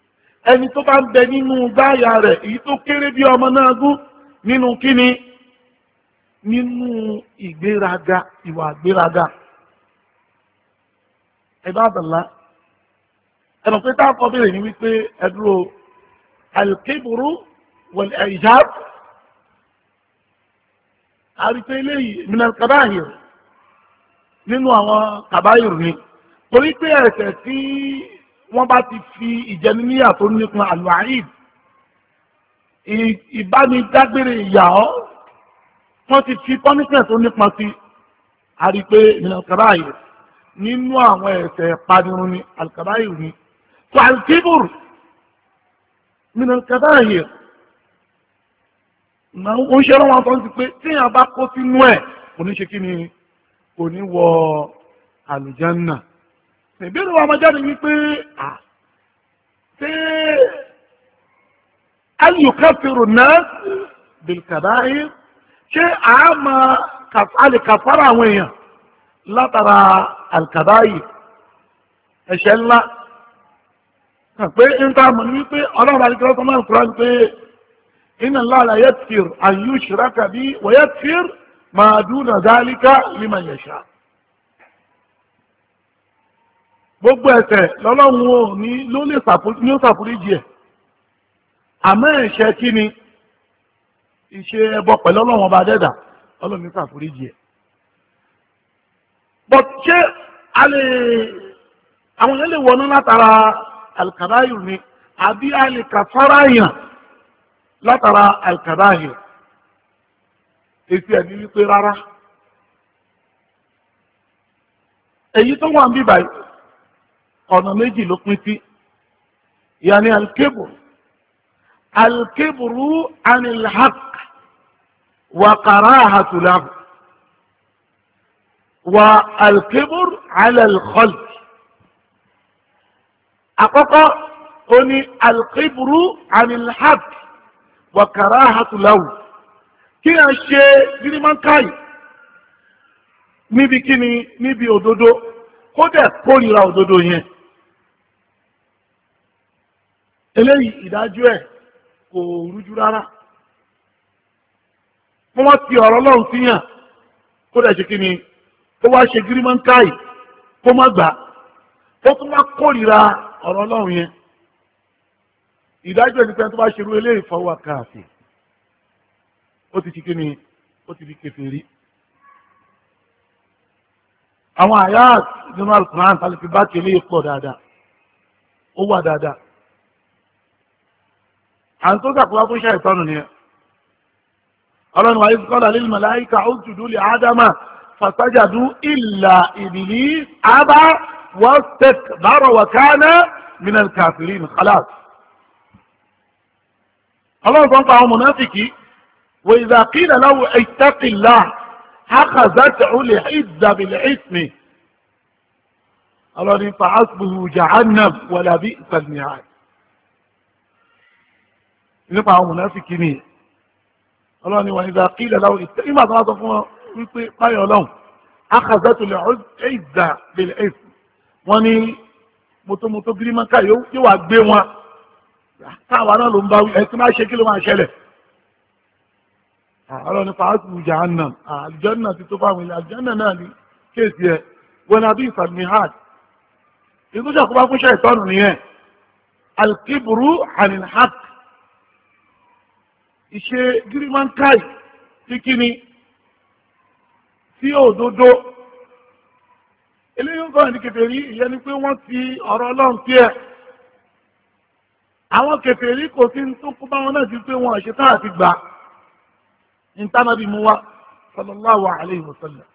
ẹni tó bá ń bẹ nínú báyà rẹ̀ èyí tó kéré bí ọmọ náà gún nínú kíni nínú ìgbéraga ìwà ìgbéraga ẹ̀bá àbẹ̀lá ẹ̀nà pé tá a kọ́ bẹ̀rẹ̀ ní wípé ẹ̀dúró alkeburu wal ijab àríkẹ́ eléyìí minal kabáyìr nínú àwọn kabáyìr ni torí pé ẹ̀ṣẹ̀ tí wọ́n bá ti fi ìjẹniníyà tó nípọn àlùwàhíd ìbánidágbére ìyà ọ́ wọ́n ti fi punishment tó nípọn sí àrípé ìlànkàbáyé nínú àwọn ẹ̀ṣẹ̀ ìpanirun ni àlùkàbáyé ni tó àlùkíbùrù ìlànkàbáyé náà ó ń ṣe wọn tó ń ti pé tíyàn bá kó sínú ẹ̀ kò ní ṣe kí ni kò ní wọ àlùjánnà ìbéèrè wa máa jáde wípé ṣé ayùkẹ́fìrò náà bìkàdáyé ṣé àmà alìkàfàrà àwọn èèyàn látara alìkàdáyé ẹ̀ṣẹ̀ ńlá pé ń tá a mọ̀ ní wípé ọlọ́run àdìgbò tó máa ń kúrò pé iná lára yẹ́tìr àyùṣìrákàbí wọ́yẹ́tìr máa dúnà dálíkà límà yẹ̀ṣà. gbogbo ẹ̀ṣẹ̀ lọ́lọ́run ò ní ló lè ṣàforíjì ẹ̀ àmọ́ ẹ̀ṣẹ̀ kí ni ìṣe ẹbọ pẹ̀lú ọlọ́run ọba dẹ́dà ọlọ́run ní ṣàforíjì ẹ̀ but ṣé a lè àwọn yẹn lè wọnú látara alkadayo ni àbí a lè kàfárá yàn látara alkadayo èsì ẹ̀ ní wípé rárá èyí tó wà ń bíbáyìí ọ̀nà méjì ló pín sí yàní alkebùrù alkebùrù anilhaq wa karahatul abd wa alkebùrù ala alkhalq àkọ́kọ́ ó ní alkebùrù anilhaq wa karahatul abd kí a ṣe gírímánkáì níbi kíni níbi òdodo kódẹ̀ kórìíra òdodo yẹn eléyìí ìdájọ́ ẹ̀ kò rújú rárá wọ́n wá ti ọ̀rọ̀ ọlọ́run sí yàn kó dẹ̀ ṣe kí ni kó wá ṣe gírímọ́ńkáì kó má gbà ó tún wá kórìíra ọ̀rọ̀ ọlọ́run yẹn ìdájọ́ ẹni pé tó bá ṣerú eléyìí fọwọ́ káàfin ó ti ṣe kí ni ó ti fi kèfèrí àwọn àyà nínú Al-Qur'an tàbí fi bá kí pọ̀ dáadáa ó wà dáadáa. حنتوزع قلاته شيطانه نيه قالوا وإذ قال للملائكة اسجدوا لعدم فسجدوا إلا إبليس أبى واستكبر وكان من الكافرين خلاص الله سبحانه وتعالى منافقي وإذا قيل له اتق الله أخذته العزة بالعثم قال فحسبه جهنم ولا بئس المعاد nípa àwọn mùnáfíkì ni ọlọ́run ni wọ́n ní dàkí ilẹ̀ láwọn ìtẹ́ nígbà tó wá sọ fún wọn wípé páyọ̀ ọlọ́run akazẹ́tò lè ẹ̀ẹ́dà lè ẹ̀ẹ́sì wọ́n ní mọ́tòmọ́tò bírímọ́ká yóò wá gbé wọn káwa náà ló ń bá ẹ tí máa ṣe kí ló máa ṣẹlẹ̀ ah, ọlọ́run ní fàásù jahannam ah, àlùjànnà ti tó fáwọn ilé àlùjànnà náà ní kéèsì ẹ wọn àbí ìsàmì hard ìtúnṣàkóbá fún ìtọ́nù nìyẹn alkiburu anilhat ìṣe gírímánkáì tí kíni tí òdodo eléyìí ń kọ́ ní kèfèrí ìyẹn ni pé wọ́n ti ọ̀rọ̀ ọlọ́run tí ẹ̀ àwọn kèfèrí kò sí tó kó bá wọn náà ti pé wọn ṣe táà ti gbà ní tánàbí mu wá sallallahu alayhi wa sallam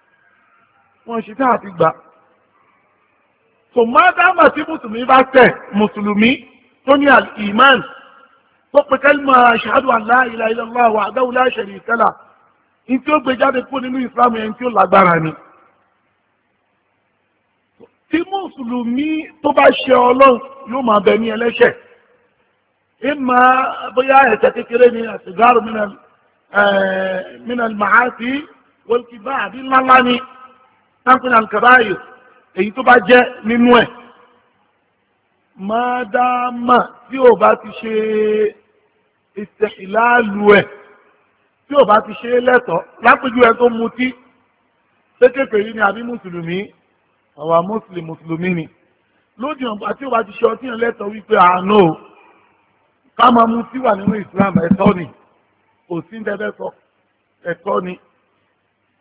wọn ṣe táà gbà tòmátàmà tí mùsùlùmí bá tẹ̀ mùsùlùmí tó ní al tó pe kẹ́lìmọ̀ ashhadu an la ilaha illallah wahdahu la sharika lah ní tí ó gbé jáde kó nínú ìsìlámù yẹn tí ó lágbára ni. tí mùsùlùmí tó bá ṣe ọlọ́run yóò máa bẹ ní ẹlẹ́ṣẹ̀ ìmọ̀ bóyá ẹ̀ṣẹ̀ kékeré ni àṣìgáàrò eh, minal ma'asi wal kibar àbí ńláńlá ni táǹkì náà kàbáyò èyí tó bá jẹ́ nínú ẹ̀ máa dá máa tí ò bá ti ṣe ìtẹ̀láàlù ẹ̀ tí ò bá ti ṣe é lẹ́tọ̀ọ́ lápẹjù ẹ tó mutí sékèké yìí ni àbí mùsùlùmí àwa mùsùlùmí mùsùlùmí ni lójú ọ̀gbà tí ò bá ti ṣe ọtí yẹn lẹ́tọ̀ọ́ wípé àánú o ká máa mutí wà nínú Islam ẹ̀tọ́ ni kò sí ndẹ́fẹ́ sọ ẹ̀tọ́ ni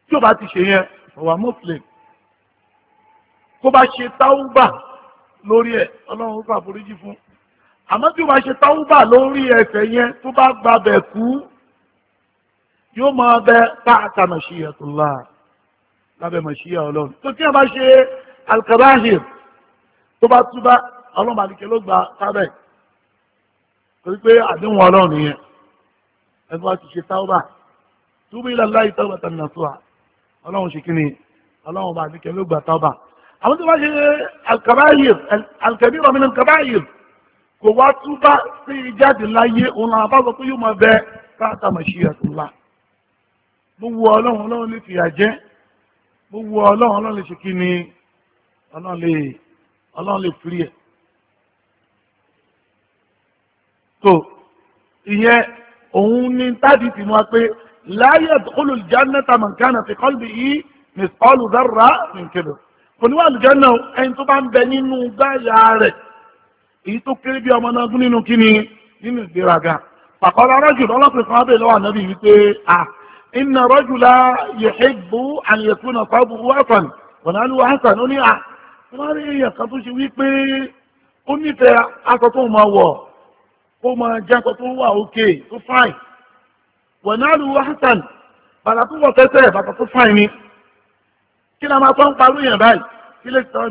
tí ò bá ti ṣe yẹn àwa mùsùlùmí kó bá ṣe táwùgbà lórí ẹ̀ ọlọ́run ó fàforíjì fún àmọ́ tí wàá ṣe táwùbà lórí ẹ̀ṣẹ̀ yẹn tó bá gbabẹ̀ kú yóò máa bẹ táàtà mashiyatullah lábẹ́ màṣíyà ọlọ́run tó tí a bá ṣe alkabahir tó bá túbá ọlọ́run àdìkẹ́ ló gba tábẹ̀ torí pé àdéhùn ọlọ́run yẹn ẹgbẹ́ wa ti ṣe táwùbà túbú ila Allahi tawbatan nasuha ọlọ́run ṣe kíni ọlọ́run àdìkẹ́ ló gba tábà àwọn tó bá ṣe alkabahir alkabira min kò wá túbá sí ìjáde láyé òun náà bá sọ pé yóò máa bẹ káàtà mashiyatullah bó wu ọlọ́run ọlọ́run lè fìyà jẹ bó wu ọlọ́run ọlọ́run lè ṣe kí ni ọlọ́run lè ọlọ́run lè firi ẹ̀. tó ìyẹn òun ní tádìí ti mú wa pé láyé olú jannata man fi qalbihi mithqalu dharra min kibr kò ní wà lùjánná ẹni tó bá ń bẹ nínú gbáyà rẹ̀ èyí tó kéré bí ọmọ náà gún nínú kíni nínú ìgbéraga pàkọ́lá rọ́jù lọ́lọ́pẹ̀ kan bẹ̀ lọ́wọ́ ànábì wípé à inna rajula yuhibbu an yakuna thawbuhu hasan wa naluhu hasan ó ní à wọ́n rí èèyàn kan tó ṣe wípé ó nífẹ̀ẹ́ aṣọ tó máa wọ̀ ó máa jẹ́ aṣọ tó wà òkè tó fáìn wa naluhu hasan bàtà tó wọ̀ tẹ́tẹ́ bàtà tó fáìn ni kí ni a máa tọ́ ń parú yẹn báyìí kí lè sọ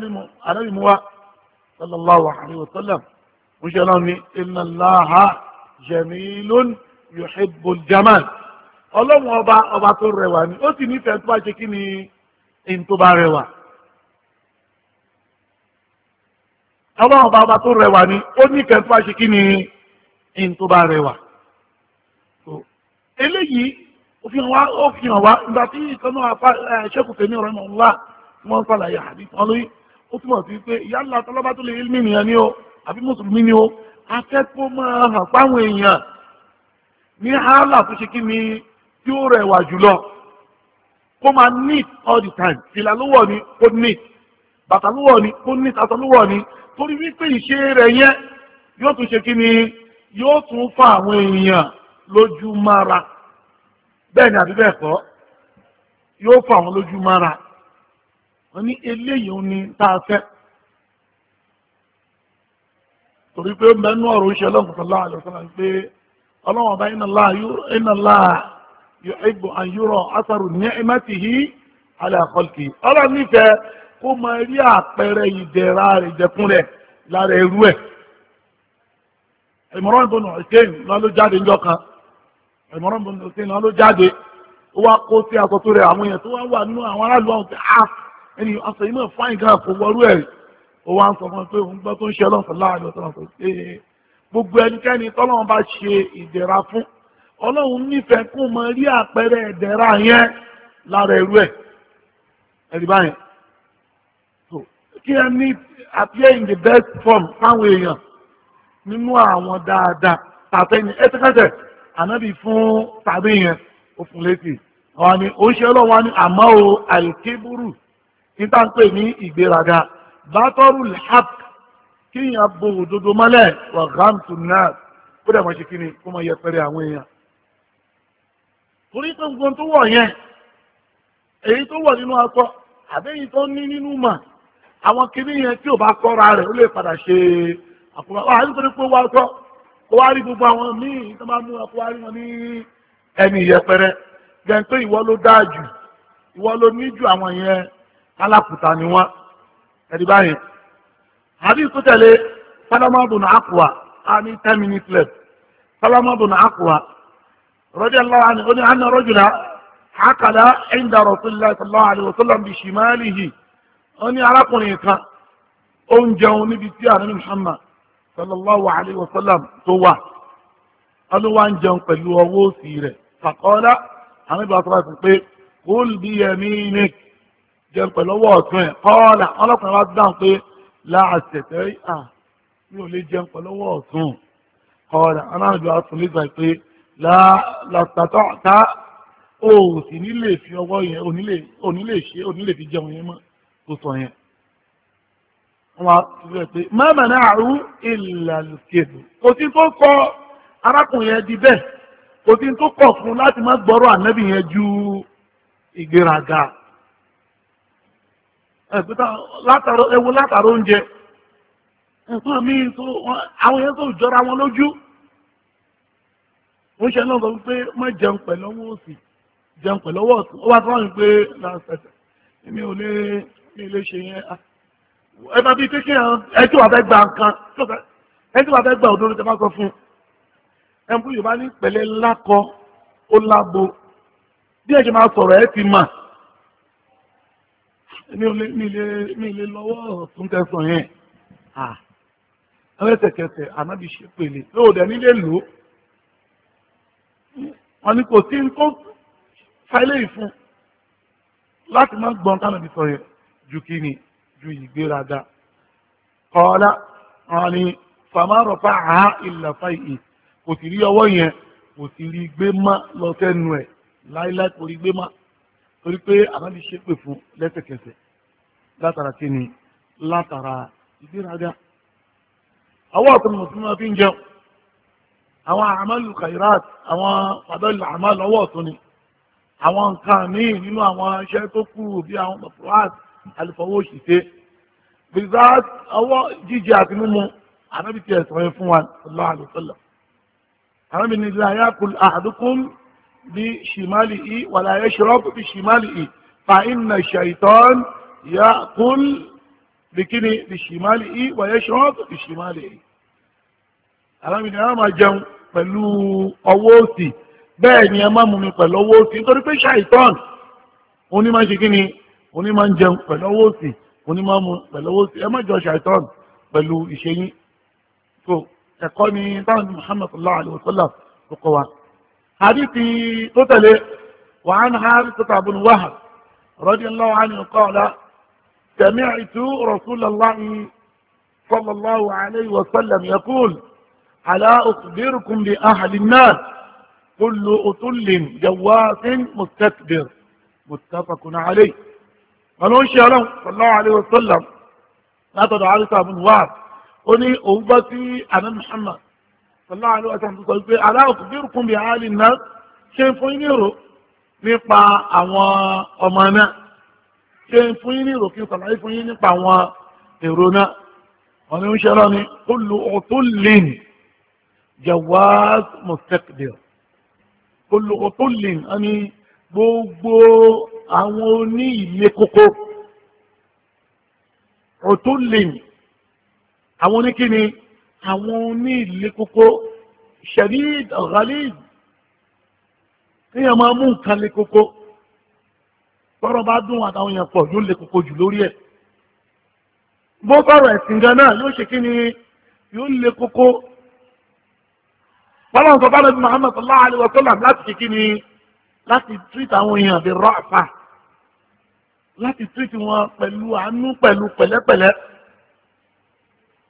sallallahu alayhi wa sallam mo ṣe náà ní inna Allaha jamilun yuhibbul jamal ọlọ́run ọba ọba tó rẹwà ni ó sì nífẹ̀ẹ́ tó bá ṣe kí ni ẹni tó bá rẹwà. ọlọ́run ọba ọba tó rẹwà ni ó nífẹ̀ẹ́ tó bá ṣe kí ni ẹni tó bá rẹwà. eléyìí ó fi hàn wá ó fi hàn wá ìgbà tí ìkànnì ní ọ̀rọ̀ ìmọ̀ ńlá wọ́n ń sàlàyé àdìsán lóyún ó túmọ̀ sí pé yálà tọ́lọ́bá tó lè ilmi nìyẹn ni o àbí mùsùlùmí ni o akẹ́kọ̀ọ́ máa hàn fáwọn èèyàn ní hálà tó ṣe kí ni tí ó rẹwà jùlọ kó máa neat all the time ìlà ló wọ̀ ni kó neat bàtà ló wọ̀ ni kó neat aṣọ ló wọ̀ ni torí wípé ìṣe rẹ̀ yẹn yóò tún ṣe kí ni yóò tún fa àwọn èèyàn lójú mára bẹ́ẹ̀ ni àbí bẹ́ẹ̀ kọ́ yóò fa àwọn lójú mára wọ́n ní eléyìí òun ni tá a fẹ́ torí pé mẹ́nu ọ̀rọ̀ iṣẹ́ ọlọ́run sọ̀lá àlọ́sọ̀lá ń pé ọlọ́run ọba iná láà yuhibbu an yura asaru ni'matihi ala khalqi ọlọ́run nífẹ̀ẹ́ kó máa rí àpẹẹrẹ ìdẹ̀ra rẹ̀ ìdẹ̀kùn rẹ̀ lára ẹrú ẹ̀ Imran ibn Hussein náà ló jáde ńjọ́ kan Imran ibn Hussein náà jáde ó wá kó sí aṣọ tó rẹ̀ àwọn èèyàn tó wá wà nínú àwọn aráàlú àwọn ti ẹni aṣọ yìí máa fáyín gan kò wọrú ẹ̀ ó wá ń sọ fún mi pé òun gbọ́ tó ń ṣe ọlọ́run sọ̀lá àlọ́ sọ̀rọ̀ sọ̀rọ̀ pé gbogbo ẹnikẹ́ni tọ́lọ́run bá ṣe ìdẹ̀ra fún ọlọ́run nífẹ̀ẹ́ kó mọ rí àpẹẹrẹ ìdẹ̀ra yẹn lára ẹrú ẹ̀ ẹ̀rí báyẹn kí ẹ ní appear in the best form fáwọn èèyàn nínú àwọn dáadáa tàtẹ́yìn ẹ̀tẹ́kẹ́tẹ́ ànábì fún tàbí yẹn ó fún létí àwọn ni ó ń ṣe ọlọ́run wa ní àmọ́ o àìkébúrú níta ń pè ní ìgbéraga bátọ́rù hap kíyàn bo òdodo mọ́lẹ̀ wà gáàmtù náà ó dẹ̀ máa ṣe kí ni kó máa yẹpẹrẹ àwọn èèyàn. torí pé nǹkan tó wọ̀ yẹn èyí tó wọ̀ nínú akọ àbẹ́yìn tó ní nínú mà àwọn kiri yẹn tí ò bá sọ́ra rẹ̀ ó lè padà ṣe àkóbá wa nítorí pé wọ́n sọ kó wá rí gbogbo àwọn míì tó máa mú wa kó wá rí wọn ní ẹni yẹpẹrẹ gẹ̀ǹtó ìwọ ló dáa jù ìwọ ló ní ju àwọn yẹn alákùtà ni wọ́n ẹ̀rí báyìí hadith tó tẹ̀lé sálámà bùnà àkùwà a ní ten minutes left sálámà bùnà àkùwà rọ́jà lọ́wọ́ àni oní àná rọ́jùlá hakala ẹ̀ńdà rọ̀túnlá sallallahu alaihi wasallam bí shimalihi ó ní arákùnrin kan ó ń jẹun níbi tí àná muhammad sallallahu alaihi wasallam tó wà ọlọ́wà ń jẹun pẹ̀lú ọwọ́ òsì rẹ̀ fàkọ́lá àmì bàtà bàtà pé kúl bí yaminik jẹun pẹ̀lú ọwọ́ ọ̀tún ẹ̀ kọ́ọ̀là ọlọ́kùnrin wa dáhùn pé láàṣẹ̀tẹ̀ à mi ò lè jẹun pẹ̀lú ọwọ́ ọ̀tún kọ́ọ̀là aláàjọ àtúnlẹ̀ gbà pé látàtọ̀ ta o sì nílè fi ọwọ́ yẹn onílè ṣe onílè fi jẹun yẹn mọ́ tó sọ yẹn. wọ́n ti rẹ̀ pé mẹ́mà náà rú ìlànà kejì kò sí tó kọ arákùnrin yẹn di bẹ́ẹ̀ kò sí tó kọ̀ fún láti má gbọ́rọ̀ Eh, ewu látàrọ oúnjẹ nǹkan míì tó àwọn yẹn tó jọra wọn lójú wọ́n ṣe náà sọ pé má jẹun pẹ̀lú ọwọ́ òsì jẹun pẹ̀lú ọwọ́ ọ̀tún ó wá sọ wọn pé lásìkò èmi ò lè mi lè ṣe yẹn ah, ẹ bá bíi kékeré ẹ tí wàá fẹ́ gba nǹkan ẹ tí wàá fẹ́ gba òdodo tẹ bá sọ fún un ẹnbú yorùbá ní pẹ̀lẹ́ ńlá kọ ó lábo bí ẹ ṣe máa sọ̀rọ̀ ẹ ti mà mi lè lọ́wọ́ ọ̀tún tẹ́sán yẹn ẹlẹ́tẹ̀kẹtẹ̀ ànábì ṣe pèlè lóò dẹ̀ nílé lò ó wọn ni kò sí tó fẹ́lẹ́ ìfún láti má gbọ́n tánàbì sọ yẹn ju kí ni ju ìgbéraga kọ́ọ́lá wọn ni fàmárọ̀ fà á ilẹ̀ fàyè kò sì rí ọwọ́ yẹn kò sì rí gbé má lọ sẹ́nu ẹ̀ láíláí kò rí gbé má torí pé àbálí ṣe pè fún lẹ́sẹ̀kẹsẹ̀ látara kí ni látara ìgbéraga àwọn ọ̀tọ̀mọ̀ tí wọ́n fi ń jẹun àwọn àmàlù kairat àwọn fàdọ́lù àmàlù ọwọ́ ọ̀tún ni àwọn nǹkan míì nínú àwọn iṣẹ́ tó kù bí àwọn mọ̀fúrát àlùfọwọ́ òṣìṣẹ́ bizat ọwọ́ jíjẹ àti mímu àrẹ́bìtì ẹ̀sán yẹn fún wa sallallahu alaihi wasallam àrẹ́bìtì ní ilé ayé àkùl ahadukum بشماله ولا يشرب بشماله فإن الشيطان يأكل بكني بشماله ويشرب بشماله alámi ni a máa jẹun pẹ̀lú ọwọ́ òsì bẹ́ẹ̀ ni ẹ máa mú mi pẹ̀lú ọwọ́ òsì nítorí pé ṣàìtàn òní máa ń ṣe kí ni òní máa ń jẹun pẹ̀lú ọwọ́ òsì òní máa ń mú pẹ̀lú ọwọ́ òsì ẹ má jọ ṣàìtàn pẹ̀lú ìṣe yín. so ni táwọn Muhammad sallallahu alayhi wa sallam ló kọ́ wa. حديثي قتل وعن حارثة بن وهب رضي الله عنه قال سمعت رسول الله صلى الله عليه وسلم يقول ألا أخبركم بأهل الناس كل أطل جواس مستكبر متفق عليه قالوا إن شاء الله صلى الله عليه وسلم هذا àrísà بن وهب ó أوبتي أنا محمد sallallahu alaihi wasallam sọ pé aláwọ̀ kìkìrì kún bí àálì náà ṣe fún yín nírò nípa àwọn ọmọ náà ṣe fún yín nírò kí sàlàyé fún yín nípa àwọn èrò náà wọn ni ó ń ṣe lọ́ni kullu utullin jawaz mustaqbil kullu utullin a ní gbogbo àwọn oní ilé kókó utullin àwọn oníkíni àwọn oní ìlé kókó ṣẹ̀rí ọ̀gálí èèyàn máa mú nǹkan lé kókó tọ́rọ bá dùn àtàwọn èèyàn pọ̀ yóò lé kókó jù lórí ẹ̀ bó bọ̀rọ̀ ẹ̀sìn gan náà yóò ṣe kí ni yóò lé kókó fọlọ́n sọ bára bí Muhammad sallallahu alayhi wa láti ṣe kí ni láti treat àwọn èèyàn bí rọ́ọ̀fà láti treat wọn pẹ̀lú àánú pẹ̀lú pẹ̀lẹ́pẹ̀lẹ́.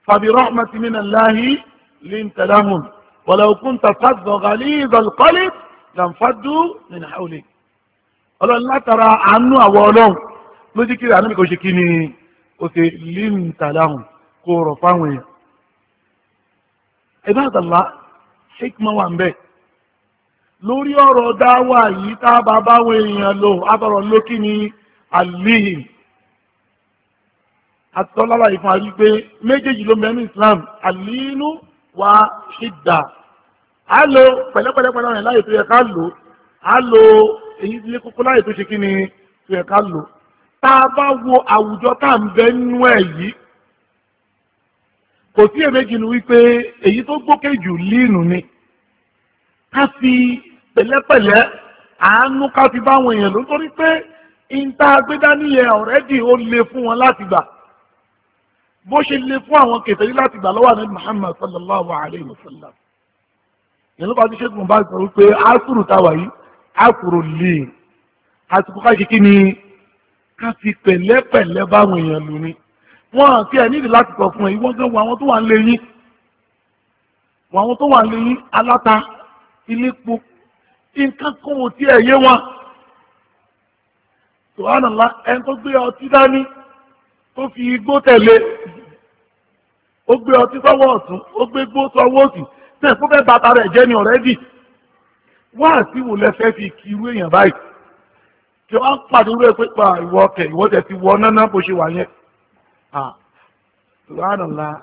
فبرحمة من الله لنت لهم ولو كنت فظ غليظ القلب لانفضوا من حولك ọlọ́run látara àánú àwọ ọlọ́run ló jí kí àánú mi kò ṣe kí ni ó ṣe linta lahum kó rọ̀ fáwọn èèyàn ìbádàlá hikma wà ń bẹ̀ lórí ọ̀rọ̀ dáwà yìí tá a bá báwọn èèyàn lò á bọ̀rọ̀ lókì ní àlìyìn atọ́lára ìfún àrí pé méjèèjì ló mẹ́nu Islam àlínú wa ṣídà á lo pẹ̀lẹ́pẹ̀lẹ́pẹ̀lẹ́ rẹ̀ láì tó yẹ ká lò á lo èyí tí kókó láì tó ṣe kí ni tó yẹ ká lò tá a bá wo àwùjọ tá à ń bẹ nínú ẹ̀ yìí kò sí èméjì ni wípé èyí tó gbókè jù líìnù ni ká fi pẹ̀lẹ́pẹ̀lẹ́ àánú ká fi báwọn èèyàn lóńtorí pé ìta gbé dání yẹn ọ̀rẹ́dì ó le fún wọn láti gbà bó ṣe lè fún àwọn kèfèrí láti gbà lọ́wọ́ ànábì Muhammad sallallahu alayhi wa sallam yẹn ló bá ti ṣẹ́gun bá sọ wípé ákùrù táwa yìí ákùrù lè àsìkò ká ṣe kí ni ká fi pẹ̀lẹ́pẹ̀lẹ́ báwọn èèyàn lò ní wọn àti ẹ̀ nídìí láti sọ fún ẹ ìwọ́n gan wọ àwọn tó wà ń lé yín wọ àwọn tó wà ń lé yín aláta ilépo nǹkan kan ò tiẹ̀ yé wọn tòhánàlá ẹni tó gbé ọtí dání tó fi igbó tẹ̀lé ó gbé ọtí sọ́wọ́ ọ̀tún ó gbé gbó sọ́wọ́ òsì tẹ̀ fún fẹ́ bàtà rẹ̀ jẹ́ ni ọ̀rẹ́dì wá sí wò lẹ́fẹ́ fi kí irú èèyàn báyìí tí wọ́n pàdé irú ẹ̀ pé pa ìwọ ọkẹ̀ ìwọ tẹ̀ ti wọ náná bó ṣe wà yẹn subhanallah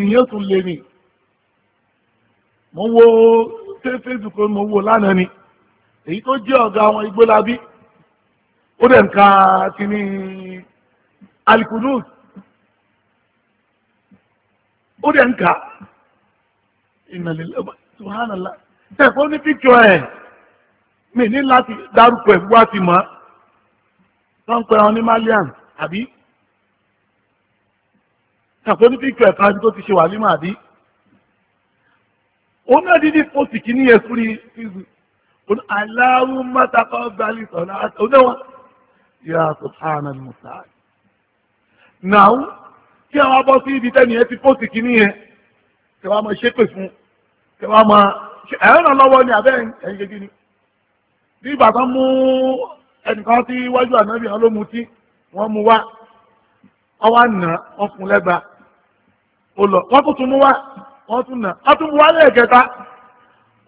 ìyẹn tún lè ní mo wo Facebook mo wo lánàá ni èyí tó jẹ́ ọ̀gá àwọn igbó labí ó dẹ̀ ń ka kíní alikunus ó dẹ̀ ń kà ìnàlélẹ́wà subhanallah ẹ̀kọ́ ní píkọ̀ ẹ̀ mi ní láti dárúkọ ẹ̀ wá ti mọ́ wọ́n pẹ̀lú àwọn ní malian àbí ẹ̀kọ́ ní píkọ̀ ẹ̀ kan tó ti ṣe wà límọ̀ àbí ó náà dídí pọ́sì kìíní yẹn sórí fíìsì aláwọ̀ mọ́tàkọ́ gbalì sọ̀rọ̀ àtọ̀ náà yà subhanal musta'an náà kí àwọn abọ́ sí ibi tẹ́ni ẹ ti pósì kí ní yẹn kí wọ́n máa ṣépè fún kí wọ́n máa ẹ̀rọ lọ́wọ́ ni abẹ́ ẹ̀yìn gẹ́gẹ́ ni bí bàbá mú ẹnìkan tí wájú ànábì wọn ló mu tí wọ́n mu wá ọwọ́ àná wọ́n fún lẹ́gba ó lọ wọ́n tún tún mú wá wọ́n tún nà wọ́n tún mú wá lẹ́ẹ̀kẹta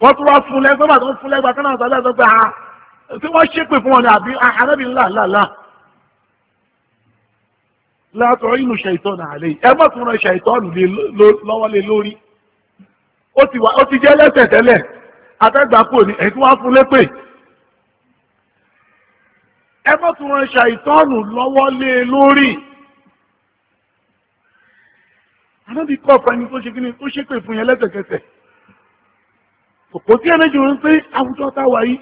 wọ́n tún wá fún lẹ́gbẹ́ bàtà fún lẹ́gba kánà wọ́n ṣépè fún wọn ni àbí ànábì ńlá ńlá ńlá látọ̀ inú ṣàìtọ́nù àlẹ́ yìí ẹ má tún ran ṣàìtọ́nù lọ́wọ́ lé lórí ó ti jẹ́ lẹ́sẹ̀ tẹ́lẹ̀ atẹ́gbàpò ni ẹ̀ tí wọ́n á fún lépè ẹ má tún ran ṣàìtọ́nù lọ́wọ́ lé lórí ànábì kọ́ ọ̀pá ẹni tó ṣe kíni tó ṣépè fún yẹn lẹ́sẹ̀kẹsẹ̀ kò tí ẹni jù ń pé àwùjọ táwa yìí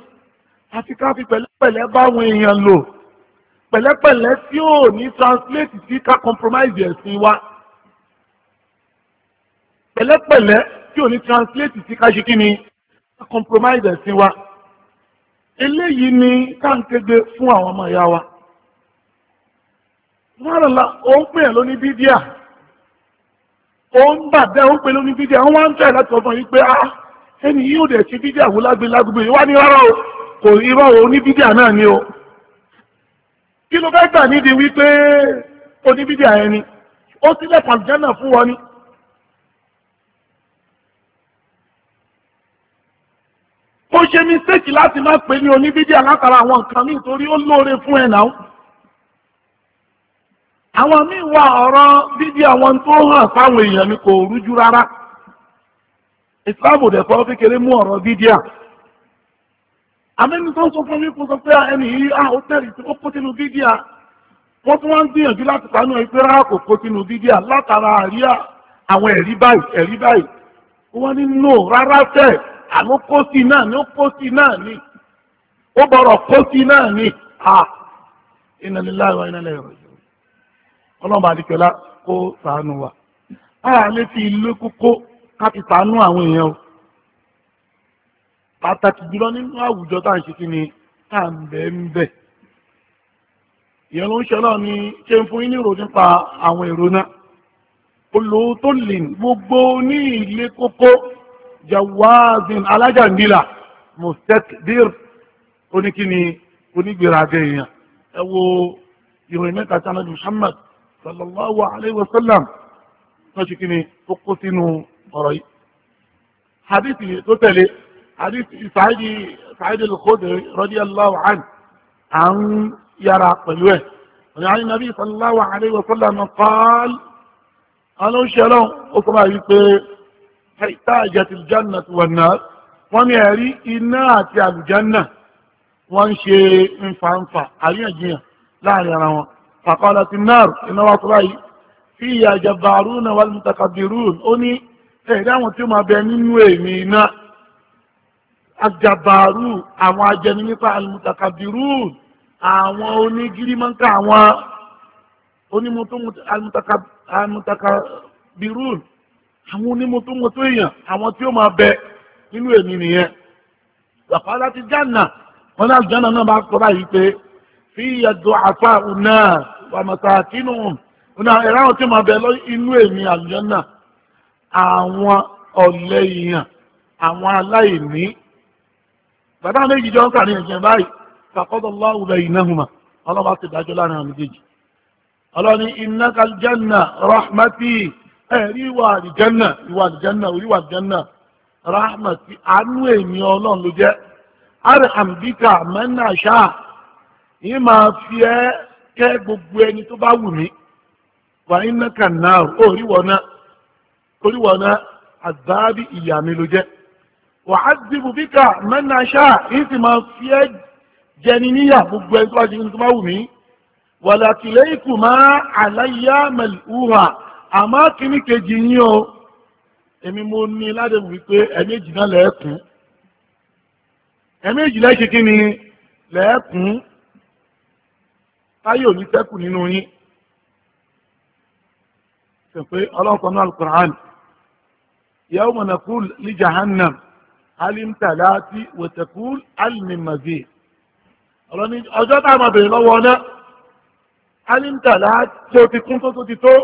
àti ká fi pẹ̀lẹ́pẹ̀lẹ́ bá àwọn èèyàn lò pẹ̀lẹ́pẹ̀lẹ́ tí ò ní translate sí ká compromise ẹ̀sìn wa pẹ̀lẹ́pẹ̀lẹ́ tí ò ní translate sí ká ṣe kí ni ká compromise ẹ̀sìn wa eléyìí ni káńkégbé fún àwọn ọmọ ìyá wa ráràlá ó ń pè ẹ́ lóní bídíà ó ń bàbá ó ń pè lóní bídíà wọ́n wá ń tẹ̀ láti ọgbọ́n yìí pé ah ẹni yóò dẹ̀ ṣe bídíà wò lágbèlágbè wá ní rárá o kò irọ́ o ní bídíà náà ni o. kí ló fẹ́ gbà wípé oníbídìí àyẹn ni ó sílẹ̀ pàlùjánà fún wọn ni. ó ṣe mistake láti má pè ní oníbídìí látara àwọn nǹkan míì torí ó lóore fún ẹ̀ náà. àwọn míì wà ọ̀rọ̀ bídìí àwọn tó hàn sáwọn èèyàn ni kò rújú rárá. ìsìláàmù dẹ̀ fọ́ mú ọ̀rọ̀ à. àmẹ́ni tó ń sọ fún mi kó sọ pé ẹni yìí á ó tẹ̀lé tí ó kó sínú bídíà wọ́n tún wọ́n ń gbìyànjú láti sànú ẹgbẹ́ rárá kò kó sínú bídíà látara àríyá àwọn ẹ̀rí báyìí ẹ̀rí báyìí wọ́n ní no rárá tẹ̀ àmọ́ kó sí náà ni ó kó sí náà ni ó bọ̀rọ̀ kó náà ni à inna lillahi wa inna ilaihi raji'un ọlọ́mọ àdìkẹ́lá kó sànú wa. a lè fi ilé kókó ká pàtàkì jùlọ nínú àwùjọ tá à ń ṣe kí ni tá à ń bẹ̀ ń bẹ̀ ìyẹn ló ń ṣe náà ni ṣe ń fún yín ní ìrò nípa àwọn èrò náà olóòótọ́ lè gbogbo ní ilé kókó jawazin alájàndílà mostekbir oníkíni onígbèrèàgẹ èèyàn ẹ wo ìròyìn mẹ́ta tí anabi muhammad sallallahu alayhi wa sallam tó ṣe kí ni tó kó sínú ọ̀rọ̀ yìí hadith tó tẹ̀lé حديث سعيد سعيد الخدري رضي الله عنه عن يرى قلوه عن النبي صلى الله عليه وسلم قال أنا شلون في احتاجت الجنة والنار يري ومعري إنها الجنة وانشي انفانفا عليها جيه لا يرى فقالت النار إنه أطلعي فيها جبارون والمتكبرون أني إحدى وتما بينين ويمينا agabaru àwọn ajẹnimípa alimutakabirun àwọn onígirimọ́ńkà àwọn alimutakabirun àwọn onímọ̀tòmọ̀tò èèyàn àwọn tí ó máa bẹ nínú èmi nìyẹn wàkàlá ti jánà wọn náà jánà náà bá kọ́ báyìí pé fi yàtọ̀ àfa ọ̀nà wàmọ̀tàkínú ọ̀nà ẹ̀rọ àwọn tí ó máa bẹ lọ inú èmi àlùjánà àwọn ọ̀lẹ èèyàn àwọn aláìní bàbá méjì jọ ń sàrin ìjìn báyìí faqada Allahu baynahuma ọlọ́ba ti dájọ́ láàrin àwọn méjèèjì ọlọ́ni innaka aljanna rahmati ẹ̀rí ìwà àlìjánà ìwà àlìjánà oríwà àlìjánà rahmati àánú èmi ọlọ́run ló jẹ́ arham bika man asha yìí máa fi ẹ́ kẹ́ gbogbo ẹni tó bá wù mí wà innaka an oríwọ̀ náà oríwọ̀ náà àdáàbí ìyà ló jẹ́ wàhádìbù bíkà mẹ́nà ṣáà ń sì máa fi ẹ́ jẹni níyà gbogbo ẹni tó bá ṣe ní tó bá wù mí wàlàkìlẹ̀ ikù máa àláyá mẹ̀lúhà àmọ́ kíní kejì yín o èmi mo ní ládẹ́bù wípé ẹ̀mẹ́jì náà lẹ́ẹ̀kún ẹ̀mẹ́jì lẹ́ẹ̀ṣe kí ni lẹ́ẹ̀kún táyé òní tẹ́kù nínú yín ṣe pé ọlọ́kọ̀ọ́ náà Al-Qur'an yawma naqul li jahannam alim talati wetekul alim mazi ọlọ́ni ọjọ́ tá a máa bèrè lọ́wọ́ ọ̀nà alim talati tí o ti kún tó tó ti tó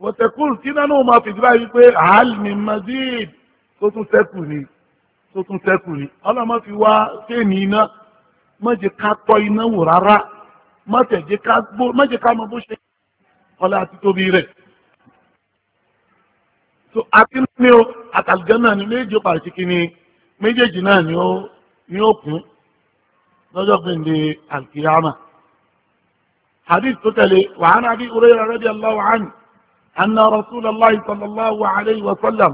wetekul tí nánú máa fìdí báyìí pé alim mazi tó tún sẹ́kù ni tó tún sẹ́kù ni ọlọ́mọ fi wá séènì iná má jẹ́ ká tọ́ iná wò rárá má jẹ́ ká mọ bó ṣe ọlá àti tóbi rẹ̀ so àti ní o àtàlùjọ náà ni méjì ó pàṣẹ kí ni méjèèjì náà ni ó ni ó kún lọ́jọ́ gbèǹde alkiyama hadith tó tẹ̀lé wàhánà àbí Hurairah radiyallahu anhu anna rasulallah sallallahu alayhi wa sallam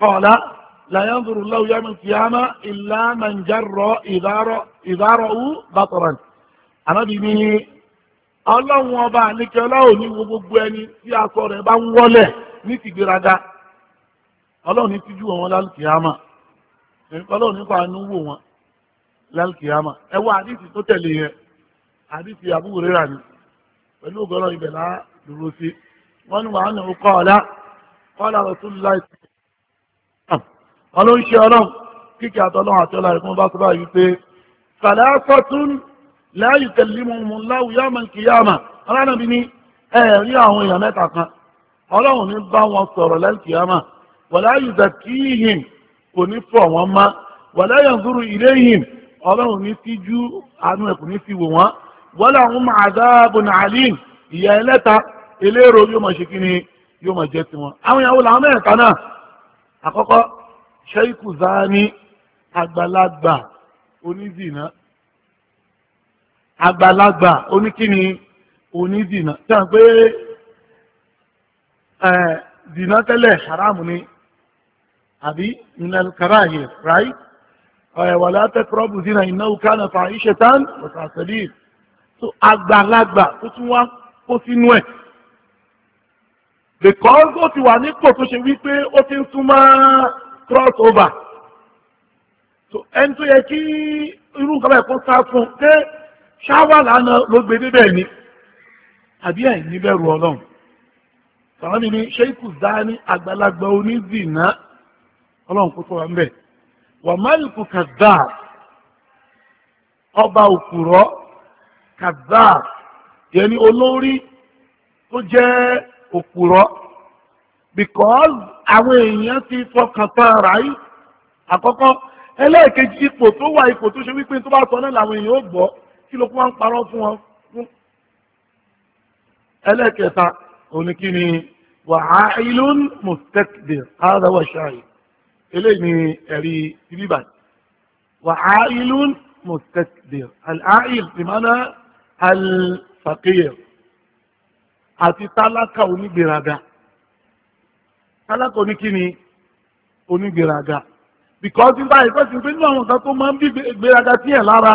qala la yanzuru Allahu yawma al-qiyama illa man jarra idha ra'u anábì ní ọlọ́run ọba àníkẹ́ ọlọ́run ní gbogbo ẹni tí aṣọ rẹ̀ bá ń wọlẹ̀ ní ti gbéraga ọlọ́run ní tíjú wọn lálùkìyàmà ọlọ́run nípa àánú wò wọn lálùkìyàmà ẹ wá àdìsí tó tẹ̀lé yẹn àdìsí àbúrò rírà ni pẹ̀lú ògbọ́rọ̀ ibẹ̀ là á dúró sí wọ́n ní wàá nà ó kọ́ ọ̀la kọ́lá rasulullah wọn ló ń ṣe ọlọ́run kíkẹ́ àtọ́lọ́run àti ọlá rẹ̀ fún bá sọ́bà yìí pé sàlẹ́sọ̀tún láàyè tẹ̀lé mu láwùyá mọ̀ kíyàmà ọlọ́run bí ní ẹ̀ẹ́rí àwọn èèyàn mẹ́ta kan ọlọ́run ní bá wọn sọ̀rọ̀ lẹ́kìámà wàlá yùdà kíhìn kò ní fọ̀ wọ́n má wàlá yàngúrú iléyìn ọlọ́run ní tíjú àánú ẹ̀ kò ní fi wò wọ́n wọ́lá àwọn màdáàbùn àlìm ìyá ẹlẹ́ta elérò yóò máa ṣe kí ni yóò máa jẹ́ tiwọn. àwọn ìyàwó làwọn mẹ́ẹ̀ta náà àkọ́kọ́ ṣẹ́ríkù záání àgbàlagbà onízìnà àgbàlagbà oníkíni onízìnà tí wọ́n pé zina tẹ́lẹ̀ haram ni àbí minal karahiyya right wala taqrabu zina innahu kana fahishatan wa sa'a sabila so àgbàlagbà tó tún wá kó sínú ẹ̀ because ó ti wà nípò tó ṣe wípé ó ti ń súnmọ́ cross over so ẹni tó yẹ kí irú nǹkan báyìí kó sá fún un pé ṣáwà lánàá ló gbé débẹ̀ ni àbí ẹ̀yìn níbẹ̀rù ọlọ́run sàwọn ni ṣéìkù dání àgbàlagbà onídìínà ọlọ́run kó tó wà ń bẹ̀ wà máàlùkù kàdá ọba òkùrọ́ kàdá yẹni olórí tó jẹ́ òkùrọ́ because àwọn èèyàn ti fọkàn tán ara yìí àkọ́kọ́ ẹlẹ́ẹ̀kejì ipò tó wà ipò tó ṣe wípé tó bá sọ náà làwọn èèyàn ó gbọ́ kí ló kó wá ń parọ́ fún wọn fún ẹlẹ́ẹ̀kẹta oníkíni wàhálùn mustakbir hádà wà ṣáàyè eléyìí ni ẹ̀rí ibi báyìí wàhálùn mustakbir al-ail ìmọ̀nà al-faqir àti tálákà onígbèraga tálákà oníkíni onígbèraga because nígbà yìí fẹ́ẹ́ ti pé nínú àwọn nǹkan tó máa ń bí gbèraga sí ẹ̀ lára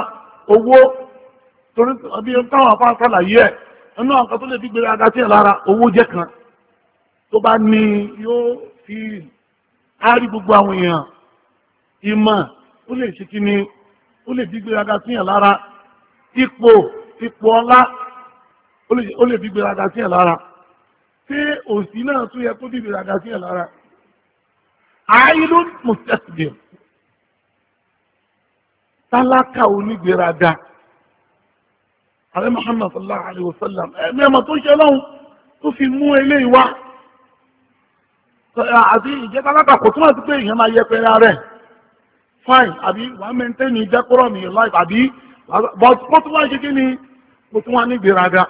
owó torí ọdún yẹn táwọn afáfá làyé ẹ̀ nínú ọ̀kan tó lè fi gbèrè aga sí ẹ̀ lára owó jẹ́ kan tó bá ní yóò fi árí gbogbo àwọn èèyàn ìmọ̀ ó lè ṣe kí ni ó lè fi gbèrè aga sí ẹ̀ lára ipò ipò ọlá ó lè fi gbèrè aga sí ẹ̀ lára tí òsì náà tún yẹ kó fi gbèrè aga sí ẹ̀ lára àìlú mùsẹ̀sìdì tálákà onígbèraga ààrẹ Muhammad sallallahu alayhi wa sallam ẹ̀mí ẹ̀mọ̀ tó ṣe lọ́hùn tó fi mú eléyìí wá àti ìjẹta látàkó túmọ̀ sí pé èèyàn máa yẹpẹrẹ rẹ̀ fine àbí wàá maintain ìjẹkúrọ̀ mi life àbí but kó tún wá ṣe kí ni kó tún wá ní ìgbéraga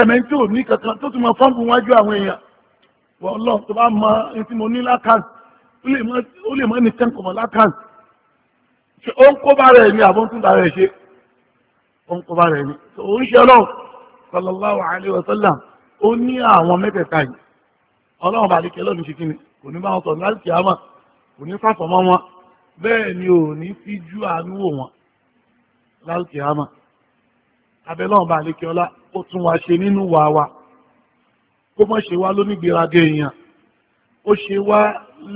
ẹ̀mẹ́ tí ò ní kankan tó tún mọ fọ́ǹpù wájú àwọn èèyàn wọ́n lọ tó bá mọ ẹni mo ní lákàtì ó lè mọ́ ẹni tẹ́ǹkọ̀mọ́ ó ń kó bá rẹ̀ ní àbọ̀ntúndà rẹ̀ ṣe ó ń kọba rẹ̀ ni oríṣẹ́ ọlọ́run sallallahu alaihi wasallam ó ní àwọn mẹ́tẹ̀ẹ̀ta yìí ọlọ́run bá dikẹ́ lọ́nà ṣe kíni kò ní bá wọn sọ̀rọ̀ láti kíá wọn kò ní fàfọ̀ mọ́ wọn bẹ́ẹ̀ ni ò ní fi jú àánú wò wọn láti kíá wọn abẹ́lọ́run bá dikẹ́ ọlá ó tún wa ṣe nínú wa wa kó mọ̀ ṣe wá lónígbéraga èèyàn ó ṣe wá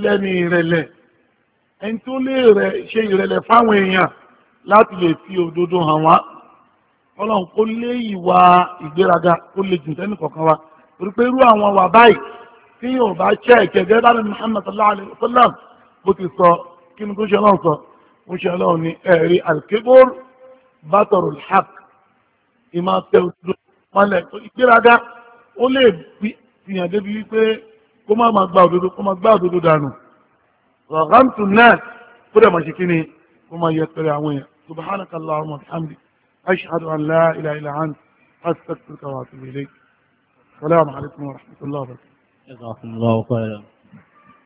lẹ́ni ìrẹ̀lẹ̀ ẹni tó lè ṣe ìrẹ̀lẹ̀ fáwọn èèyàn láti lè fi òdodo hàn wá ọlọ́run kó lé ìwà ìgbéraga kó lè jù sẹ́ni kọ̀ọ̀kan wa torí pé irú àwọn wà báyìí tí yóò bá ṣe ìkẹ̀gẹ́ dáná ní Muhammad sallallahu alayhi wa sallam bó ti sọ kí ni tó ṣe ọlọ́run sọ ó ṣe ọlọ́run ní ẹ̀rí alkebor batorul haq ìmọ̀ tẹ̀wọ̀dọ̀ mọ́lẹ̀ ìgbéraga ó lè fìyàn débi wípé kó má máa gba òdodo kó máa gbá òdodo dànù rọ̀gámtù náà kó dẹ̀ máa ṣe kí ni kó máa yẹ pẹ̀lú àwọn èèyàn subhanakallahumma wa bihamdik أشهد أن لا إله إلا أنت أستغفرك وأتوب إليك السلام عليكم ورحمة الله وبركاته جزاكم الله خيرا